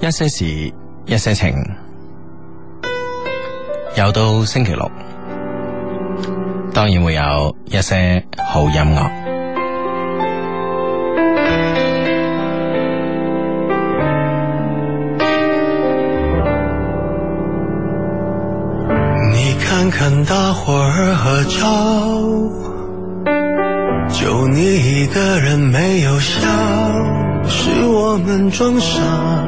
一些事，一些情， 又到星期六，當然會有一些好音樂。你看看大伙兒合照，就你一個人沒有笑，是我們裝傻。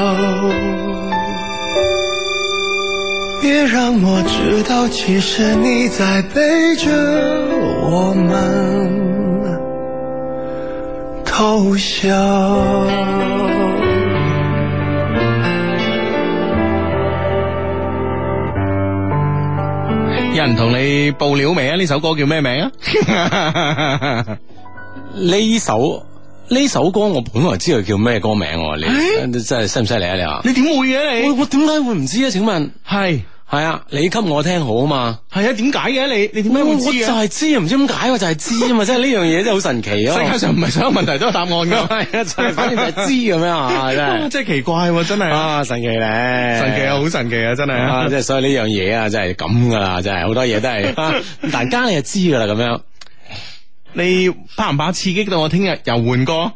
讓我知道其實你在背著我們偷笑，有人同你報料未啊？呢首歌叫咩名啊？呢首呢首歌，我本來知道叫咩歌名，你真係犀唔犀利啊？你、欸、啊？你點會嘅、啊、你？我我點解會唔知啊？請問係。係啊，你給我聽好啊嘛。係啊，點解嘅？你你點解會知？我就係知，唔知點解，我就係知啊嘛。即係呢樣嘢真係好神奇啊！世界上唔係所有問題都有答案噶。係啊，反正就係知咁樣？啊！係，真係奇怪，真係啊！神奇咧，神奇啊，好神奇啊，真係。即係所以呢樣嘢啊，真係咁噶啦，真係好多嘢都係。大家你就知噶啦，咁樣。你怕唔怕刺激到我聽日又換歌？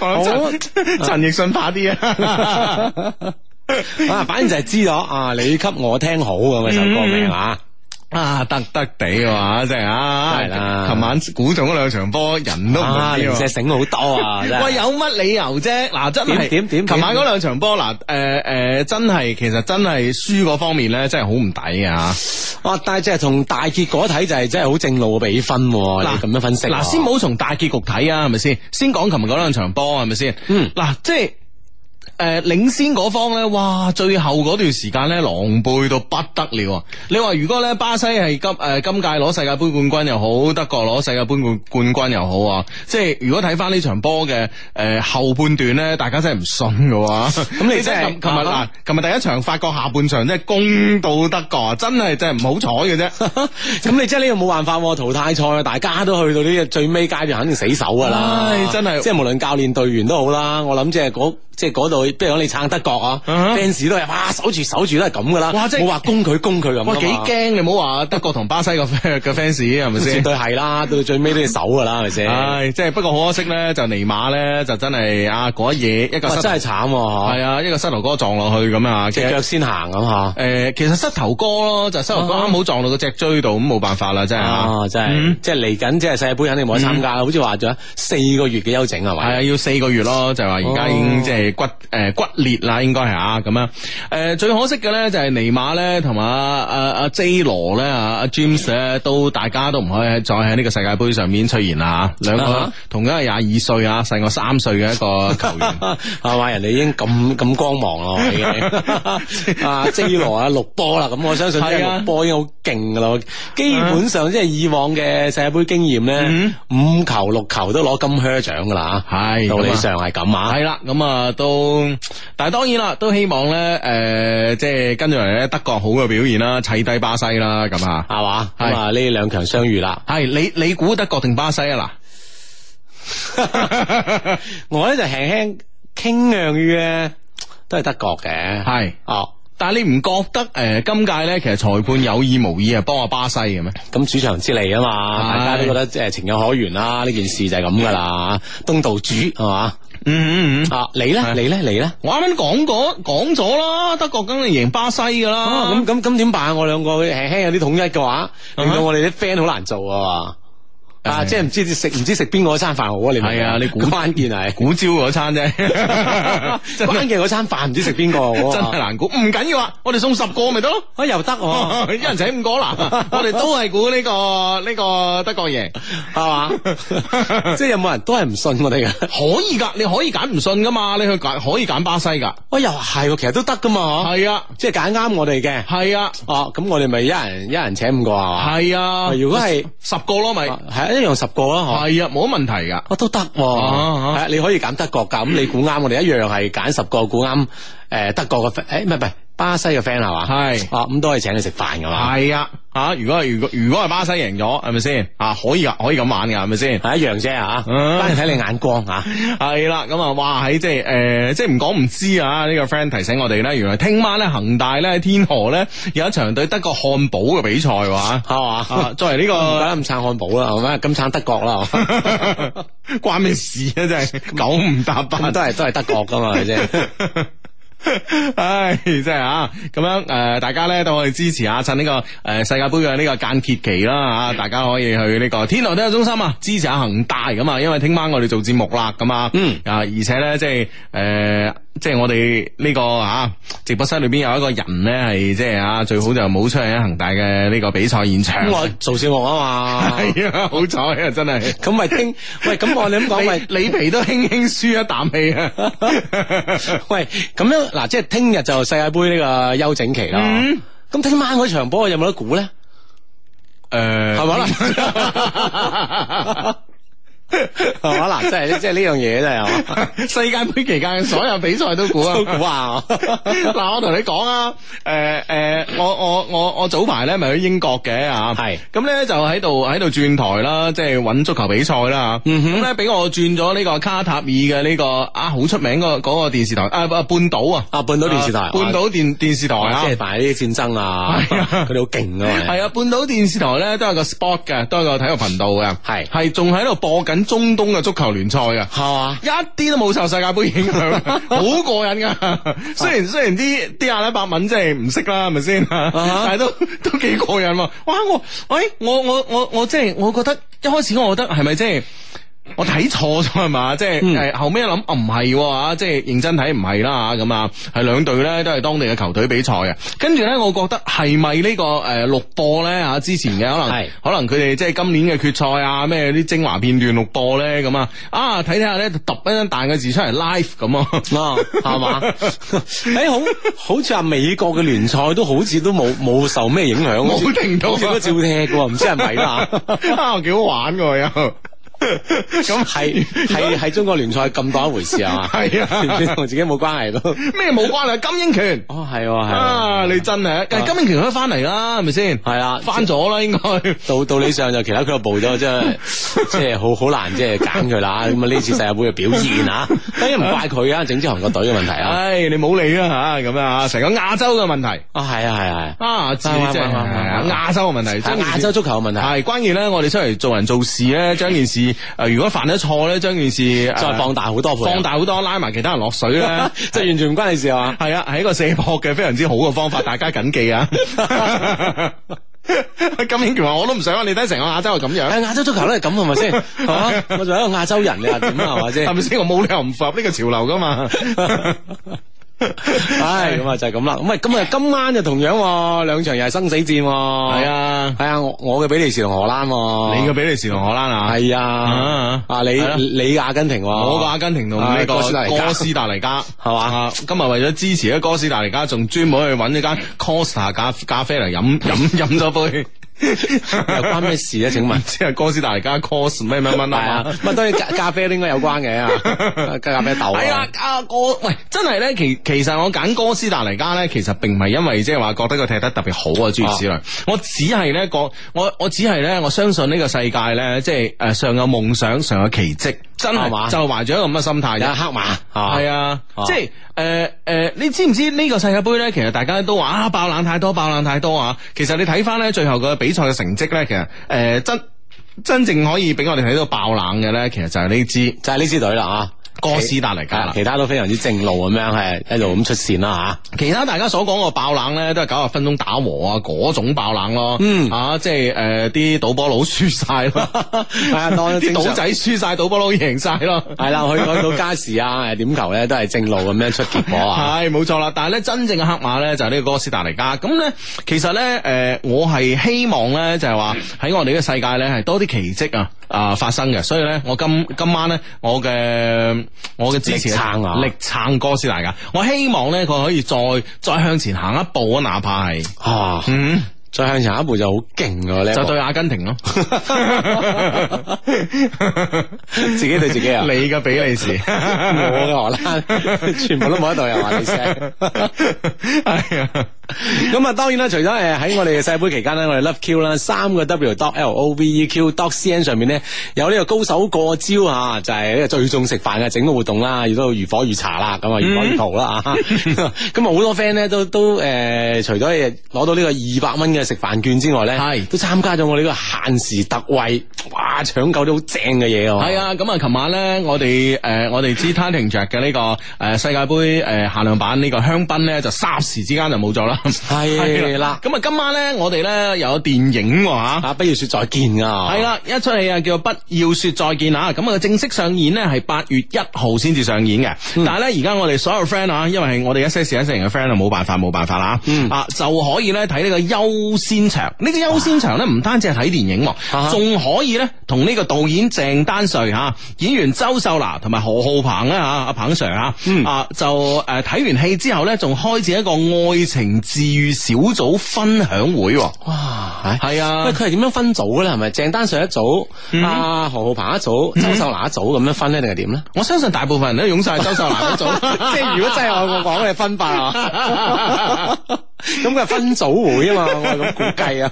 我陳奕迅怕啲啊。啊，反正就係知咗啊！你給我聽好咁樣首歌名啊，啊，得得地哇，即係啊！係啦，琴晚估中咗兩場波，人都唔認識醒好多啊！喂，有乜理由啫？嗱，真係點點琴晚嗰兩場波嗱，誒誒，真係其實真係輸嗰方面咧，真係好唔抵啊。哇！但係即係從大結果睇就係真係好正路嘅比分。嗱咁樣分析，嗱先冇從大結局睇啊，係咪先？先講琴日嗰兩場波係咪先？嗯，嗱即係。誒，領先嗰方咧，哇，最後嗰段時間咧，狼狽到不得了。啊。你話如果咧，巴西係今誒今屆攞世界杯冠軍又好，德國攞世界杯冠冠軍又好，啊，即係如果睇翻呢場波嘅誒後半段咧，大家真係唔信嘅話，咁你即係琴日啦，琴日第一場法國下半場即係攻到德國， 就是、有有啊，真係真係唔好彩嘅啫。咁你即係呢個冇辦法淘汰賽，啊，大家都去到呢個最尾階段，肯定死守噶啦。唉，真係即係無論教練、隊員都好啦，我諗即係嗰即係嗰度。譬如講你撐德國啊，fans 都係哇，守住守住都係咁噶啦。哇，即係冇話攻佢攻佢咁。哇，幾驚嘅，唔好話德國同巴西個個 fans 係咪先？絕對係啦，到最尾都要守噶啦，係咪先？唉，即係不過可惜咧，就尼馬咧就真係啊嗰嘢一個真係慘，係啊，一個膝頭哥撞落去咁啊，隻腳先行咁吓。誒，其實膝頭哥咯，就膝頭哥啱好撞到個脊椎度，咁冇辦法啦，真係吓。真係，即係嚟緊即係世界盃肯定冇得參加啦，好似話仲有四個月嘅休整係咪？係啊，要四個月咯，就話而家已經即係骨誒，骨裂啦，應該係啊，咁啊，誒，最可惜嘅咧就係尼馬咧，同埋阿阿阿 J 羅咧啊，James 咧，都大家都唔可以再喺呢個世界盃上面出現啦，吓，兩個同樣係廿二歲啊，細我三歲嘅一個球員，係嘛，人哋已經咁咁光芒咯，已經，阿 J 羅啊，六波啦，咁我相信呢個波已經好勁噶啦，基本上即係以往嘅世界盃經驗咧，五球六球都攞金靴獎噶啦，係，道理上係咁啊，係啦，咁啊都。但係當然啦，都希望咧，誒，即係跟住嚟咧，德國好嘅表現啦，砌低巴西啦，咁啊，係嘛，咁啊，呢兩強相遇啦，係你你估德國定巴西啊？嗱，我咧就輕輕傾向於咧都係德國嘅，係，哦，但係你唔覺得誒，今屆咧其實裁判有意無意啊幫下巴西嘅咩？咁主場之利啊嘛，大家都覺得即係情有可原啦，呢件事就係咁噶啦，東道主係嘛。嗯嗯嗯，嗯嗯啊，你咧，你咧是的，你咧，我啱啱講過，講咗啦，德國梗係贏巴西噶啦，咁咁咁點辦？啊，我兩個輕輕有啲統一嘅話，令到我哋啲 friend 好難做啊！啊！即係唔知食唔知食邊個餐飯好啊？你係啊，你估關鍵係估招嗰餐啫。關鍵嗰餐飯唔知食邊個，真係難估。唔緊要啊，我哋送十個咪得咯。又得哦，一人請五個啦。我哋都係估呢個呢個德國贏，係嘛？即係有冇人都係唔信我哋噶？可以噶，你可以揀唔信噶嘛？你去揀可以揀巴西噶。喂，又係，其實都得噶嘛？係啊，即係揀啱我哋嘅。係啊。哦，咁我哋咪一人一人請五個啊？嘛？係啊。如果係十個咯，咪一樣十個啊，係啊，冇問題噶，我都得，係你可以揀德國噶，咁你估啱我哋一樣係揀十個估啱，誒德國嘅，誒唔係唔係。巴西嘅 friend 係嘛，係啊，咁都係請佢食飯噶嘛，係啊，啊如果如果如果係巴西贏咗係咪先啊，可以噶，可以咁玩噶係咪先，係一樣啫吓，當然睇你眼光吓、啊，係啦，咁啊，哇喺即係誒即係唔講唔知啊呢、這個 friend 提醒我哋咧，原來聽晚咧恒大咧喺天河咧有一場對德國漢堡嘅比賽話係嘛，作為呢、這個咁撐漢堡啦，係咪咁撐德國啦， 關咩事啊真係 九唔搭八都係都係德國噶嘛係咪先？ 唉、 哎，真係啊！咁樣誒、呃，大家咧都可以支持下，趁呢、這個誒、呃、世界杯嘅呢個間歇期啦吓，大家可以去呢、這個天河體育中心啊，支持下恒大咁啊，因為聽晚我哋做節目啦咁啊，嗯啊，而且咧即係誒。呃即係我哋呢個啊直播室裏邊有一個人咧，係即係啊最好就冇出現喺恒大嘅呢個比賽現場。我、嗯、做小學 啊嘛，係啊好彩啊真係。咁咪 聽喂，咁我哋咁講咪里皮都輕輕輸一啖氣啊！喂，咁樣嗱，即係聽日就世界杯、嗯、呢個休整期啦。咁聽晚嗰場波有冇得估咧？誒，係咪啦？係嘛即係即係呢樣嘢啫，係嘛。世界杯期間所有比賽都估啊，估啊。嗱，我同你講啊，誒誒，我我我我早排咧咪去英國嘅啊，係。咁咧就喺度喺度轉台啦，即係搵足球比賽啦。咁咧俾我轉咗呢個卡塔爾嘅呢個啊，好出名個嗰個電視台誒，半島啊，啊半島電視台，半島電電視台啊，即係擺呢啲戰爭啊，佢哋好勁咯。係啊，半島電視台咧都係個 sport 嘅，都係個體育頻道嘅。係係仲喺度播緊。中東嘅足球聯賽啊，係嘛吧，一啲都冇受世界杯影響，好 過癮噶。 雖然雖然啲啲阿拉伯文真係唔識啦，係咪先？但係都都幾過癮。哇！我喂、哎、我我我我，我即係我覺得一開始我覺得係咪即係？我睇錯咗係嘛，即係後尾諗，唔、啊、係啊！即係認真睇唔係啦咁啊，係兩隊咧都係當地嘅球隊比賽嘅。跟住咧，我覺得係咪、這個呃、呢個誒錄播咧吓？之前嘅可能係可能佢哋即係今年嘅決賽啊咩啲精華片段錄播咧咁啊啊！睇睇下咧，揼一大個字出嚟 Live 咁啊，係嘛？誒，好好似話美國嘅聯賽都好似都冇冇受咩影響，冇聽到，只不過照踢嘅，唔知係咪啦吓，幾好玩喎又。咁係係係中國聯賽咁當一回事啊嘛，係啊，同自己冇關係咯。咩冇關係？金英權哦，係係，你真係。但係金英權都翻嚟，啦，係咪先？係啊，翻咗啦，應該。道道理上就其他俱樂部咗，真係即係好好難即係揀佢啦。咁啊呢次世界盃嘅表現啊，當然唔怪佢啊，整支韓國隊嘅問題啊。唉，你冇理啊吓，咁樣吓，成個亞洲嘅問題啊，係啊係係啊，即係亞洲嘅問題，係亞洲足球嘅問題，係。關鍵咧，我哋出嚟做人做事咧，將件事。誒，如果犯咗錯咧，將件事再放大好多合放大好多，拉埋其他人落水咧， 即係完全唔關你事啊，嘛是？係啊吧，係一個卸膊嘅非常之好嘅方法， 大家謹記啊！ 金英權話我都唔想，你睇成個亞洲咁樣，係亞洲足球咧咁係咪先？係嘛，我仲係個亞洲人，你話點 啊？係咪先？係咪先？我冇理由唔符合呢個潮流噶嘛。 唉，咁啊，就咁啦。咁啊，今日今晚就同樣兩場又係生死戰。係啊，係啊，啊，我嘅比利時同荷蘭、啊。你嘅比利時同荷蘭啊？係啊，啊你你嘅、啊、阿根廷、啊，我嘅阿根廷同呢個哥斯達黎加係嘛？今日為咗支持咧哥斯達黎加，仲專門去揾一間 Costa 咖咖啡嚟飲飲飲咗杯。有 關咩事咧？啊，請問即係哥斯達黎加 cos 咩咩乜啊？乜當然咖啡都應該有關嘅啊！咖啡豆係啊！哥 喂，真係咧，其其實我揀哥斯達黎加咧，其實並唔係因為即係話覺得佢踢得特別好啊，諸如此類。我只係咧個，我我只係咧我相信呢個世界咧，即係誒，尚有夢想，尚有奇蹟。真係嘛？吧就懷住一個咁嘅心態嘅黑馬，係啊，啊啊即係誒誒，你知唔知呢個世界杯咧？其實大家都話啊，爆冷太多，爆冷太多啊！其實你睇翻咧，最後個比賽嘅成績咧，其實誒、呃、真真正可以俾我哋睇到爆冷嘅咧，其實就係呢支就係呢支隊啦啊！哥斯達黎加啦，其他都非常之正路咁樣，係一路咁出線啦吓。啊、其他大家所講個爆冷咧，都係九十分鐘打和啊，嗰種爆冷咯。嗯，吓即係誒，啲賭波佬輸晒咯，係啊，當賭仔輸晒，賭波佬贏晒咯。係啦、 啊，去以到加時啊，誒，點球咧都係正路咁樣出結果啊。係冇錯啦，但係咧真正嘅黑馬咧就係呢個哥斯達黎加。咁咧其實咧誒、呃，我係希望咧就係話喺我哋呢個世界咧係多啲奇蹟啊！啊、呃，發生嘅，所以咧，我今今晚咧，我嘅我嘅支持力撐啊，力撐哥斯達加，我希望咧佢可以再再向前行一步啊，哪怕係啊嗯。再向前一步就好勁喎！咧就對阿根廷咯，自己對自己啊！你嘅比利時，我嘅荷蘭，全部都冇一度又話你聲，係啊！咁啊，當然啦，除咗誒喺我哋嘅世杯期間咧，我哋 Love Q 啦，三個 W dot L O V E Q dot C N 上面咧有呢個高手過招啊，就係呢個最重食飯嘅整個活動啦，亦都如火如茶啦，咁啊如火如荼啦啊！咁啊好多 friend 咧都都誒除咗攞到呢個二百蚊嘅。食飯券之外咧，係是都參加咗我呢個限時特惠，哇！搶購啲好正嘅嘢嘅。係啊，咁啊，琴、嗯、晚咧，我哋誒、呃，我哋支餐廳着嘅呢個誒、呃、世界杯誒、呃、限量版呢個香檳咧，就霎時之間就冇咗啦。係啦，咁啊、嗯，今晚咧，我哋咧有電影吓、啊，啊，不要說再見啊。係啦，一出戲啊，叫、嗯《不要說再見》啊。咁啊，正式上演呢，係八月一號先至上演嘅。嗯、但係咧，而家我哋所有 friend 啊，因為係我哋一些事一些情嘅 friend 啊，冇辦法冇辦法啦啊，就可以咧睇呢個優。優先場呢，這個優先場咧，唔單止係睇電影，仲哇可以咧同呢個導演鄭丹瑞吓演員周秀娜同埋何浩鵬、嗯、啊，吓阿鵬 Sir 吓，啊就誒睇完戲之後咧，仲開始一個愛情治癒小組分享會。哇，係、哎、啊，佢係點樣分組嘅咧？係咪鄭丹瑞一組，阿、嗯啊、何浩鵬一組，嗯、周秀娜一組咁樣分咧，定係點咧？我相信大部分人都湧晒周秀娜一組，即係如果真係我我講嘅分法啊。咁佢係分組會啊嘛，我係咁估計啊，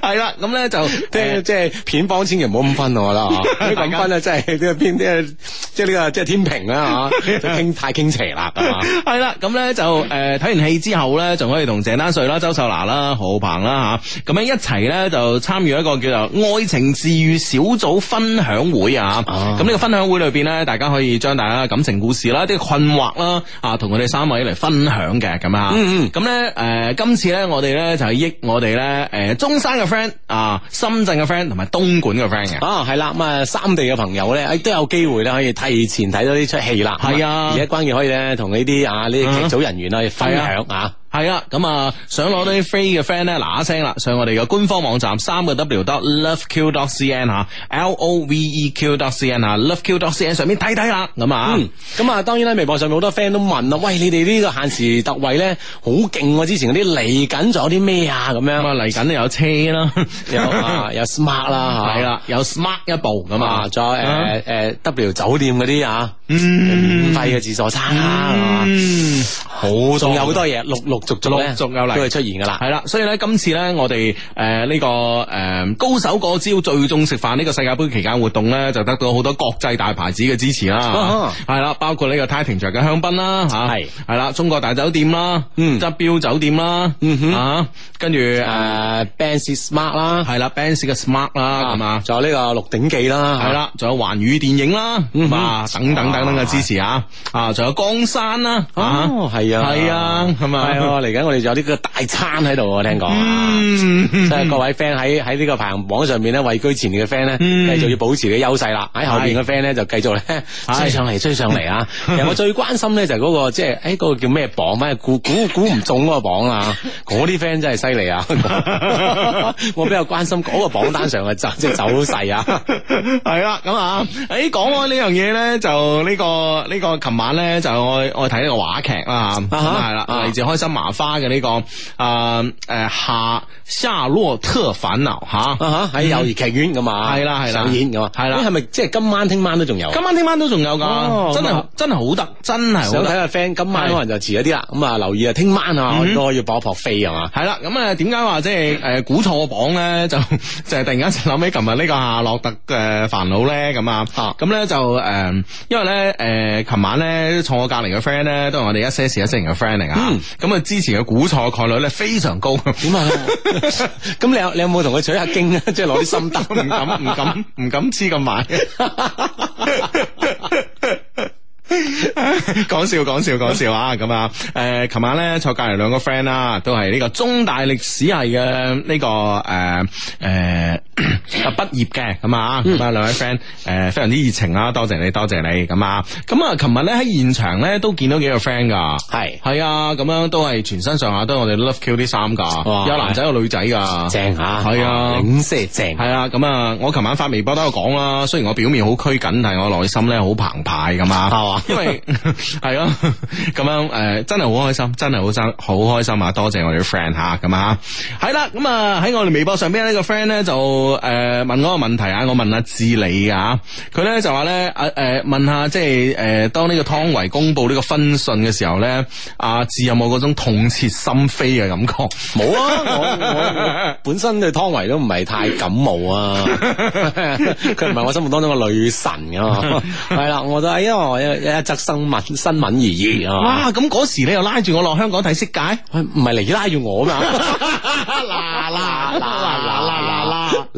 係 啦，咁咧就即係即係片方千祈唔好咁分家我啦，如果咁分咧真係呢個邊即係即係呢個即係天平啦吓、 啊，就傾太傾斜啦，係、啊、啦，咁 咧就誒睇、呃、完戲之後咧，仲可以同鄭丹瑞啦、周秀娜啦、何浩鵬啦吓，咁、啊、樣一齊咧就參與一個叫做愛情治愈小組分享會啊，咁呢個分享會裏邊咧，大家可以將大家嘅感情故事啦、啲困惑啦啊，同佢哋三位嚟分享嘅。咁啊，嗯嗯，咁咧誒。呃誒、呃，今次咧我哋咧就係益我哋咧誒，中山嘅 friend 啊，深圳嘅 friend 同埋東莞嘅 friend 嘅，啊係啦，咁啊三地嘅朋友咧，亦都有機會咧可以提前睇到呢齣戲啦，係啊，而家、嗯、關鍵可以咧同呢啲啊呢啲劇組人員可以分享啊。啊係啊，咁啊，想攞啲 free 嘅 friend 咧，嗱一聲啦，上我哋嘅官方網站三個 w dot love q dot c n 吓，l o v e q dot c n 吓，love q dot c n 上面睇睇啦，咁啊，咁啊，當然咧，微博上面好多 friend 都問啦，喂，你哋呢個限時特惠咧好勁喎，之前嗰啲嚟緊咗啲咩啊，咁樣啊，嚟緊有車啦，有啊，有 smart 啦，係啦，有 smart 一部咁啊，再誒誒 w 酒店嗰啲啊，嗯，免費嘅自助餐啊，係嘛，好，仲有好多嘢，六六。續咗咧，續有嚟出現噶啦，係啦，所以咧今次咧我哋誒呢個誒高手過招最中食飯呢個世界杯期間活動咧，就得到好多國際大牌子嘅支持啦，係啦，包括呢個泰廷卓嘅香檳啦，係係啦，中國大酒店啦，嗯，德標酒店啦，跟住，誒 Benz Smart 啦，係啦 Benz 嘅 Smart 啦，係嘛，仲有，呢個鹿鼎記啦，係啦，仲有寰宇電影啦，嘛等等等等嘅支持啊，啊仲有江山啦，哦係啊係啊係啊。嚟緊我哋有呢個大餐喺度，我聽講，即係各位 friend 喺喺呢個排行榜上面咧位居前列嘅 friend 咧，繼續要保持嘅優勢啦。喺後邊嘅 friend 咧就繼續咧追上嚟，追上嚟啊！其實我最關心咧就係嗰個即係誒嗰個叫咩榜咩估估唔中嗰個榜啊。嗰啲 friend 真係犀利啊！我比較關心嗰個榜單上嘅走即係走勢啊，係啦咁啊！誒講開呢樣嘢咧，就呢個呢個琴晚咧就我我睇呢個話劇啊，係啦你自開心。麻花嘅呢個誒誒夏夏洛特煩惱吓，喺幼兒劇院咁嘛，係啦係啦上演咁啊，係啦，係咪即係今晚聽晚都仲有？今晚聽晚都仲有噶，真係真係好得，真係想睇下 friend，今晚可能就遲咗啲啦。咁啊，留意啊，聽晚啊，都可以搏一搏飛，係嘛，係啦。咁啊，點解話即係誒估錯榜咧？就就係突然間諗起琴日呢個夏洛特嘅煩惱咧，咁啊，咁咧就誒，因為咧誒，琴晚咧坐我隔籬嘅 friend 咧，都係我哋一些事一些情嘅 friend 嚟㗎，咁啊。之前嘅估錯概率咧非常高，點樣啊？咁 你有你有冇同佢取下經 啊？即係攞啲心得，唔敢唔敢唔敢黐咁埋。講笑講笑講笑啊！咁啊，誒，琴晚咧坐隔籬兩個 friend 啦，都係呢個中大歷史系嘅呢、這個誒誒。呃呃畢咳嗽咳業嘅咁啊，啊、嗯，兩位 friend 誒、呃，非常之熱情啦，多謝你，多謝你咁啊。咁的啊，琴日咧喺現場咧都見到幾個 friend 噶，係係啊，咁樣都係全身上下都係我哋 Love Q 啲衫噶，有哇男仔有女仔噶，正吓，係啊，領色正，係啊。咁啊，啊，啊，我琴晚發微博都有講啦，雖然我表面好拘謹，但係我內心咧好澎湃咁啊，因為係啊，咁 樣誒、啊啊呃，真係好開心，真係好生好開心啊！多謝我哋啲 friend 吓，咁啊，係啦、啊，咁啊喺、啊啊嗯啊、我哋微博上邊呢個 friend 咧就。誒，問嗰個問題啊，我問阿智你啊，佢咧就話咧，阿誒問下，即係誒，當呢個湯唯公布呢個分訊嘅時候咧，阿智有冇嗰種痛徹心扉嘅感覺？冇啊， 本身對湯唯都唔係太感冒啊，佢唔係我心目當中嘅女神啊，嘛，係啦，我就係因為我一一則新聞新聞而已啊， 哇，咁嗰時你又拉住我落香港睇色戒，唔係嚟，拉住我嘛，嗱嗱嗱嗱嗱嗱嗱。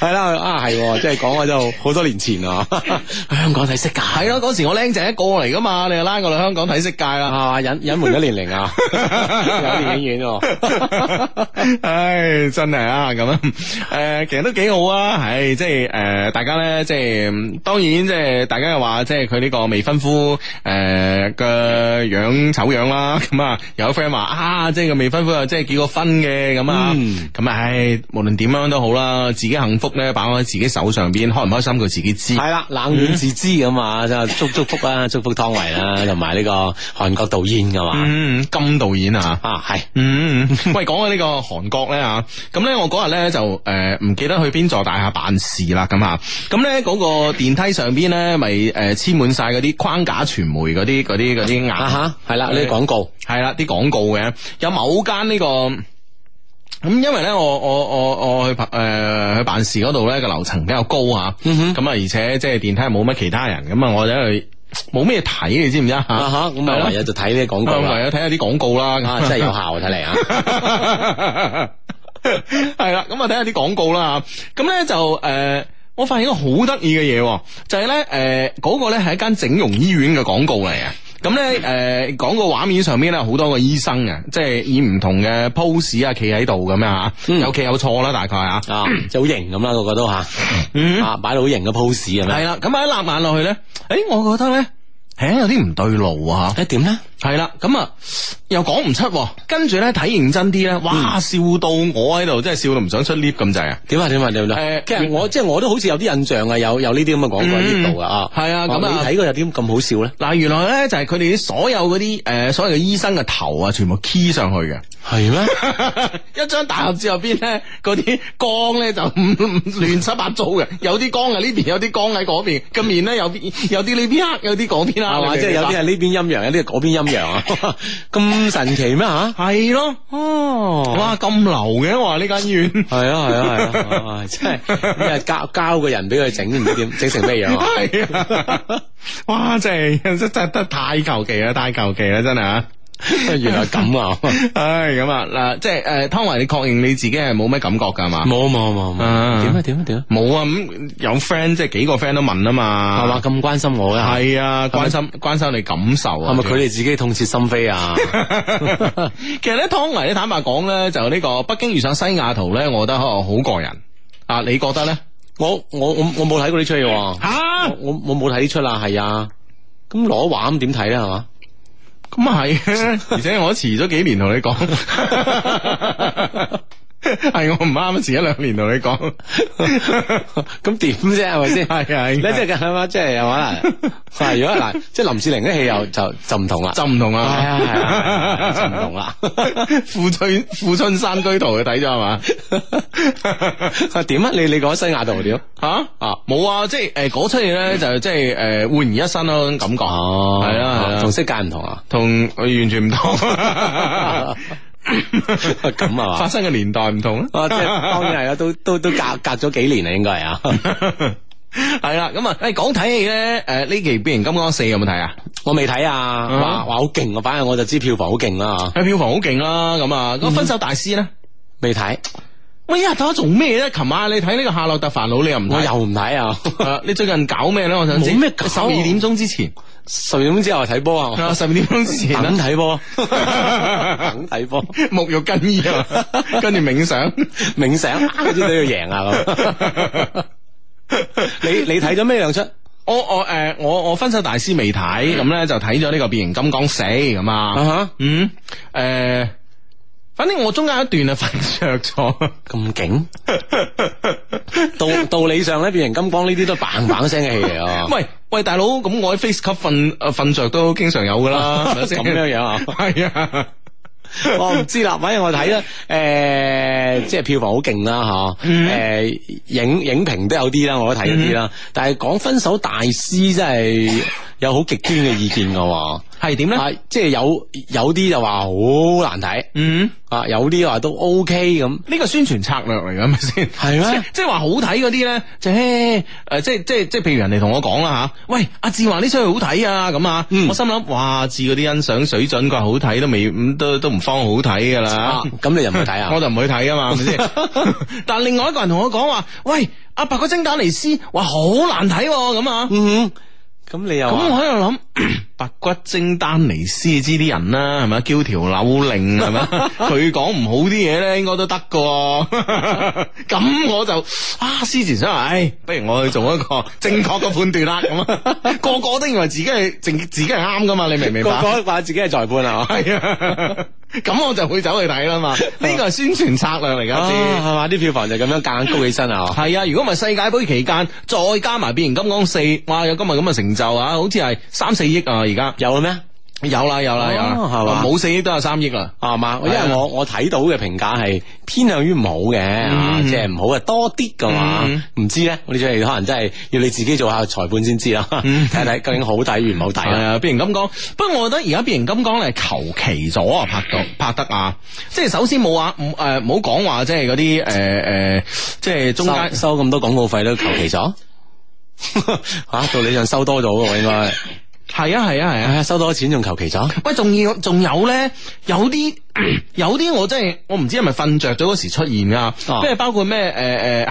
係啦， 啊係，即係講我就好、是、多年前啊，哈哈香港睇色戒。係咯，嗰時我僆仔一個嚟噶嘛，你又拉我嚟香港睇色戒啦，隱隱瞞咗年齡啊，電影院喎，唉，真係啊，咁樣，誒、呃，其實都幾好啊，係，即係，誒，大家咧，即係，當然即係，大家又話即係佢呢個未婚夫誒嘅、呃、樣醜樣啦，咁啊，有啲 friend 話啊，即係個未婚夫啊即係結過婚嘅，咁啊，咁啊，唉無論點樣都好啦，自己幸福。咧擺喺自己手上邊，開唔開心佢自己知。係啦、嗯，冷暖自知咁啊！就祝祝福啊，祝福湯唯啦、啊，同埋呢個韓國導演噶嘛、嗯，金導演啊，啊係、嗯。嗯，喂，講下呢個韓國咧啊，咁咧我嗰日咧就誒唔、呃、記得去邊座大廈辦事啦咁啊，咁咧嗰個電梯上邊咧咪誒黐滿晒嗰啲框架傳媒嗰啲嗰啲嗰啲啊吓，係啦，啲廣告，係啦，啲廣告嘅，有某間呢、呢個。咁因為咧，我我我我去辦誒、呃、去辦事嗰度咧，個樓層比較高吓，咁啊而且即係電梯係冇乜其他人，咁啊我就去，冇咩睇你知唔知啊？咁啊唯有，啊、就睇啲廣告啦，唯有睇下啲廣告啦，真係，啊、有效睇嚟啊！係啦，咁啊睇下啲廣告啦，咁咧就誒，我發現一個好得意嘅嘢，就係咧誒，嗰個咧係一間整容醫院嘅廣告嚟嘅。咁咧，誒，講個畫面上面咧，好多個醫生啊，即係以唔同嘅 pose 啊，企喺度咁樣吓，有企有坐啦，大概啊，就好型咁啦，個個都吓，啊，擺到好型嘅 pose 咁樣。係啦，咁、嗯啊、一擸眼落去咧，誒、欸，我覺得咧，誒，有啲唔對路啊，即係點咧？係啦，咁啊又講唔出，跟住咧睇認真啲咧，哇，笑到我喺度，真係笑到唔想出 lift 咁滯啊！點啊點啊點啊！其實我即係我都好似有啲印象啊，有有呢啲咁嘅講過喺度噶啊，係啊，咁你睇過有啲咁好笑咧？嗱，原來咧就係佢哋啲所有嗰啲誒，所謂嘅醫生嘅頭啊，全部 key 上去嘅，係咩？一張大合照入邊咧，嗰啲光咧就亂七八糟嘅，有啲光喺呢邊，有啲光喺嗰邊，個面咧有有啲呢邊黑，有啲嗰邊黑，係嘛？即係有啲係呢邊陰陽，有啲係嗰邊陰。樣啊，咁 神奇咩吓？係咯， 哦，哇，咁流嘅，我話呢間醫院，係啊係啊係啊，真係交交個人俾佢整唔知點整成咩樣，係啊，哇，真係 真真真，真太求其啦，太求其啦，真係吓。 原來咁啊！唉、 哎，咁啊，嗱，即係誒、呃，湯唯，你確認你自己係冇咩感覺噶係嘛？冇冇冇冇，點啊點啊點啊，冇啊！咁有 friend 即係幾個 friend 都問啊嘛，係嘛？咁關心我啊？係啊，關心是是關心你感受啊，係咪佢哋自己痛徹心扉啊？ 其實咧，湯唯，你坦白講咧，就呢個北京遇上西雅圖咧，我覺得好過癮啊！你覺得咧？我我我我冇睇過呢出嘢，吓，我我冇睇 呢出啦，係啊，咁攞畫咁點睇咧？係嘛？咁啊係嘅，而且我遲咗幾年同你講。 係我唔啱啊！前一兩年同你講，咁點啫？係咪先？係啊，你即係咁啊！即係係嘛？係如果嗱，即係林志玲嘅氣又就就唔同啦，就唔同啦，係啊係啊，就唔同啦。同 富春富春山居圖你睇咗係嘛？點 啊，啊？你你講喺西亞度點啊？啊冇啊！即係誒，呃、出嚟咧就即係誒，煥、呃、然一新嗰種感覺哦，係 啊，同色戒唔同啊，同完全唔同。 咁 啊吧，發生嘅年代唔同啊。即係當然係啊，都都都隔隔咗幾年啦，應該係啊，係 啦， 咁啊，誒、欸，講睇戲咧，誒、呃，呢期《變形金剛四》有冇睇啊？我未睇啊，哇哇好勁啊，反正我就知票房好勁啦，誒、啊，票房好勁啦，咁啊，咁、啊《分手大師》呢咧、嗯，未睇。喂啊！大家做咩咧？琴晚你睇呢個夏洛特煩惱，你又唔睇？我又唔睇啊， 啊！你最近搞咩咧？我想知。冇咩搞？十二點鐘之前，十二點鐘之後睇波啊！十二點鐘前等睇看波， 等睇看波球， 沐浴更跟衣，跟 住冥想， 冥想，跟 都要贏啊！ 你你睇咗咩兩齣？我我誒，我、呃、我分手大師未睇，咁咧就睇咗呢個變形金剛四。咁啊！Uh huh. 嗯，誒、呃。反正我中間一段啊瞓著咗，咁勁道道理上咧，變形金剛呢啲都 bang bang 聲嘅戲嚟啊！喂喂，大佬，咁我喺 Face Cup 瞓瞓著都經常有噶啦，係咪先咁樣樣啊？係啊，我唔知啦，反正我睇啦，誒，即係票房好勁啦，吓，誒，影影評都有啲啦，我都睇咗啲啦，但係講分手大師真係。有好極端嘅意見噶嘛？係點咧？係、啊、即係有有啲就話好難睇，嗯啊，有啲話都 OK 咁。呢個宣傳策略嚟噶咪先？係咩、啊？即係話好睇嗰啲咧，即係誒，即係即係即係，譬如人哋同我講啦吓，喂，阿、啊、志話呢出戲好睇啊咁啊，嗯、我心諗，哇，志嗰啲欣賞水準，佢話好睇都未，都都唔方好睇噶啦，咁你又唔去睇啊？就啊 我就唔去睇啊嘛，係咪先？ 但係另外一個人同我講話，喂，阿伯個《精打尼斯》話好難睇咁啊，嗯。嗯咁你又咁我喺度諗白骨精、丹尼斯知啲人啦，係咪？叫條柳令，係咪？佢講唔好啲嘢，咧，應該都得噶。咁 我就啊，思前想話，唉、哎，不如我去做一個正確嘅判斷啦。咁 個個都認為自己係正，自己係啱噶嘛？你明唔明白？ 個個話自己係裁判啊嘛？係啊。咁我就會走去睇啦嘛，呢個係宣傳策略嚟噶先，係嘛始？啲票房就咁樣夾硬高起身啊！係 啊，如果唔係世界杯期間，再加埋變形金剛四，哇！有今日咁嘅成就啊，好似係三四億啊！而家有啦咩？有啦有啦有啦，係嘛？冇四億都有三億啦，係嘛？因為我我睇到嘅評價係偏向於唔好嘅，即係唔好嘅多啲噶嘛？唔知咧，我哋真係可能真係要你自己做下裁判先知啦，睇睇究竟好抵與唔好抵啦。變形金剛，不過我覺得而家變形金剛咧係求其咗啊，拍到拍得啊！即係首先冇話唔誒，冇講話即係嗰啲誒誒，即係中間收咁多廣告費都求其咗吓，道理上收多咗應該。係啊係啊係啊！啊啊收到錢仲求其咗？喂，仲要仲有咧，有啲有啲，我真係我唔知係咪瞓着咗嗰時出現噶，即係、哦、包括咩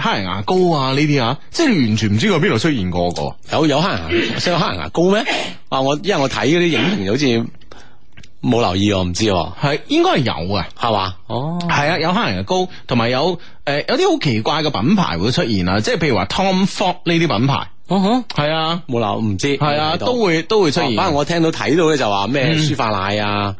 誒誒黑人牙膏啊呢啲啊，即係完全唔知佢邊度出現過個。有有黑人牙，食 有黑人牙膏咩？啊、呃，我因為我睇嗰啲影評好似冇留意，我唔知。係 應該係有嘅，係嘛吧？哦，係啊，有黑人牙膏，同埋有誒有啲好、呃、奇怪嘅品牌會出現啊。即係譬如話 Tom Ford 呢啲品牌。哦，係啊，冇留意，唔知，係啊，都會都會出現。反正我聽到睇到咧就話咩舒化奶啊，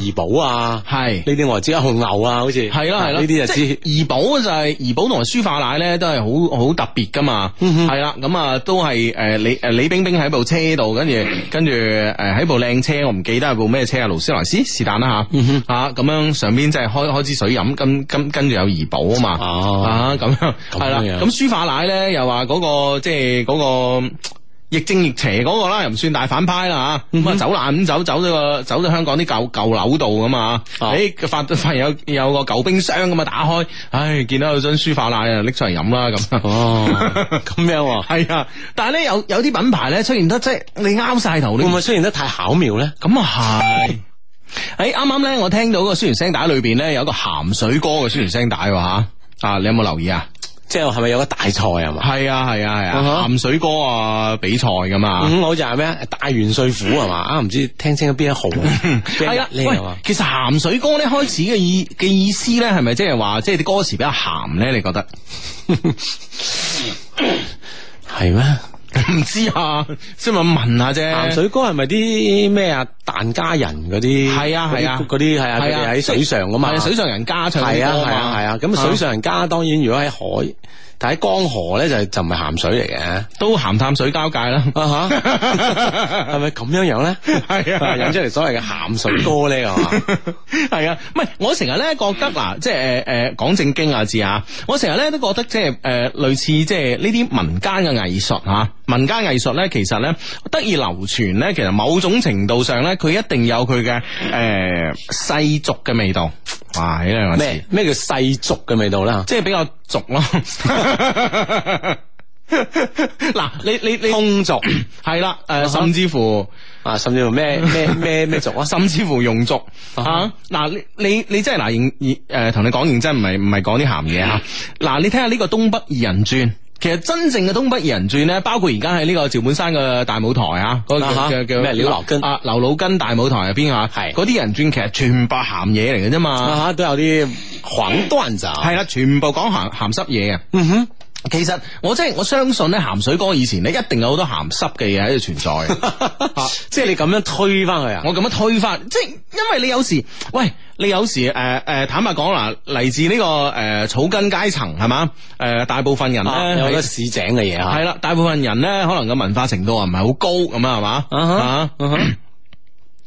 怡寶啊，係呢啲我知，啊，紅牛啊，好似係啦係啦，呢啲就知。怡寶就係怡寶同埋舒化奶咧都係好好特別噶嘛，係啦，咁啊都係誒李誒李冰冰喺部車度，跟住跟住誒喺部靚車，我唔記得係部咩車啊，勞斯萊斯，是但啦，吓吓咁樣上邊即係開開支水飲，跟跟跟住有怡寶啊嘛，啊咁樣係啦，咁舒化奶咧又話嗰個即係個。個亦正亦邪嗰，那個啦，又唔算大反派啦吓，咁啊、嗯、哼走爛咁走，走咗個，走咗香港啲舊舊樓度咁啊，哎、哦、發現有有個舊冰箱咁啊打開，唉見到樽舒化奶啊拎出嚟飲啦咁，哦咁 樣，係啊，但係咧有有啲品牌咧出現得即係你啱晒頭，你會唔會出現得太巧妙咧？咁啊係，哎啱啱咧我聽到個宣傳聲帶裏邊咧有一個咸水歌嘅宣傳聲帶吓，啊你有冇留意啊？即係咪有個大賽係嘛？係啊係啊係啊咸、uh huh. 水歌啊比賽噶嘛？好似係咩大元帥府係嘛？啊唔知聽清咗邊一號係啊？你、 啊。 啊、 其實咸水歌咧開始嘅意嘅意思咧係咪即係話即係啲歌詞比較咸咧？你覺得係咩？ 唔知問問，是是啊，即係問下啫。鹹水歌係咪啲咩啊？疍家人嗰啲係啊係啊，嗰啲係啊，係啊，喺水上㗎嘛、啊。水上人家唱嘅歌係啊係啊係啊，咁、啊啊、水上人家當然如果喺海。但喺江河咧就就唔係鹹水嚟嘅，都鹹淡水交界啦，啊吓，係咪咁樣樣咧？係啊，引出嚟所謂嘅鹹水歌咧，係 啊，唔係我成日咧覺得嗱，即係誒講正經二字，呃、啊，我成日咧都覺得即係誒類似即係呢啲民間嘅藝術吓，民間藝術咧其實咧得以流傳咧，其實某種程度上咧，佢一定有佢嘅誒世俗嘅味道。哇！呢咩咩叫世俗嘅味道啦，即係比較俗咯。嗱，你你你通俗係啦，誒，甚至乎啊，甚至乎咩咩咩咩族啊，甚至乎庸俗啊。嗱、 啊，你你你真係嗱認誒，同你講認真，唔係唔係講啲鹹嘢吓。嗱、嗯，你睇下呢個《東北二人轉》。其實真正嘅東北二人轉咧，包括而家喺呢個趙本山嘅大舞台啊，嗰、嗰個，啊、哈叫叫咩？劉老根啊，劉老根大舞台入邊啊，係嗰啲二人轉劇全部鹹嘢嚟嘅啫嘛。吓、啊、都有啲廣東咋？係啦、 啊，全部講鹹鹹濕嘢啊。嗯哼其實我真係我相信咧，鹹水歌以前咧一定有好多鹹濕嘅嘢喺度存在， 啊、即係你咁樣推翻佢啊！我咁樣推翻，即係因為你有時喂，你有時誒誒、呃呃，坦白講啦，嚟自呢、這個誒、呃、草根階層係嘛，誒大部分人咧有個市井嘅嘢吓，係、呃、啦，大部分人咧可能個文化程度啊唔係好高咁啊係嘛啊，誒、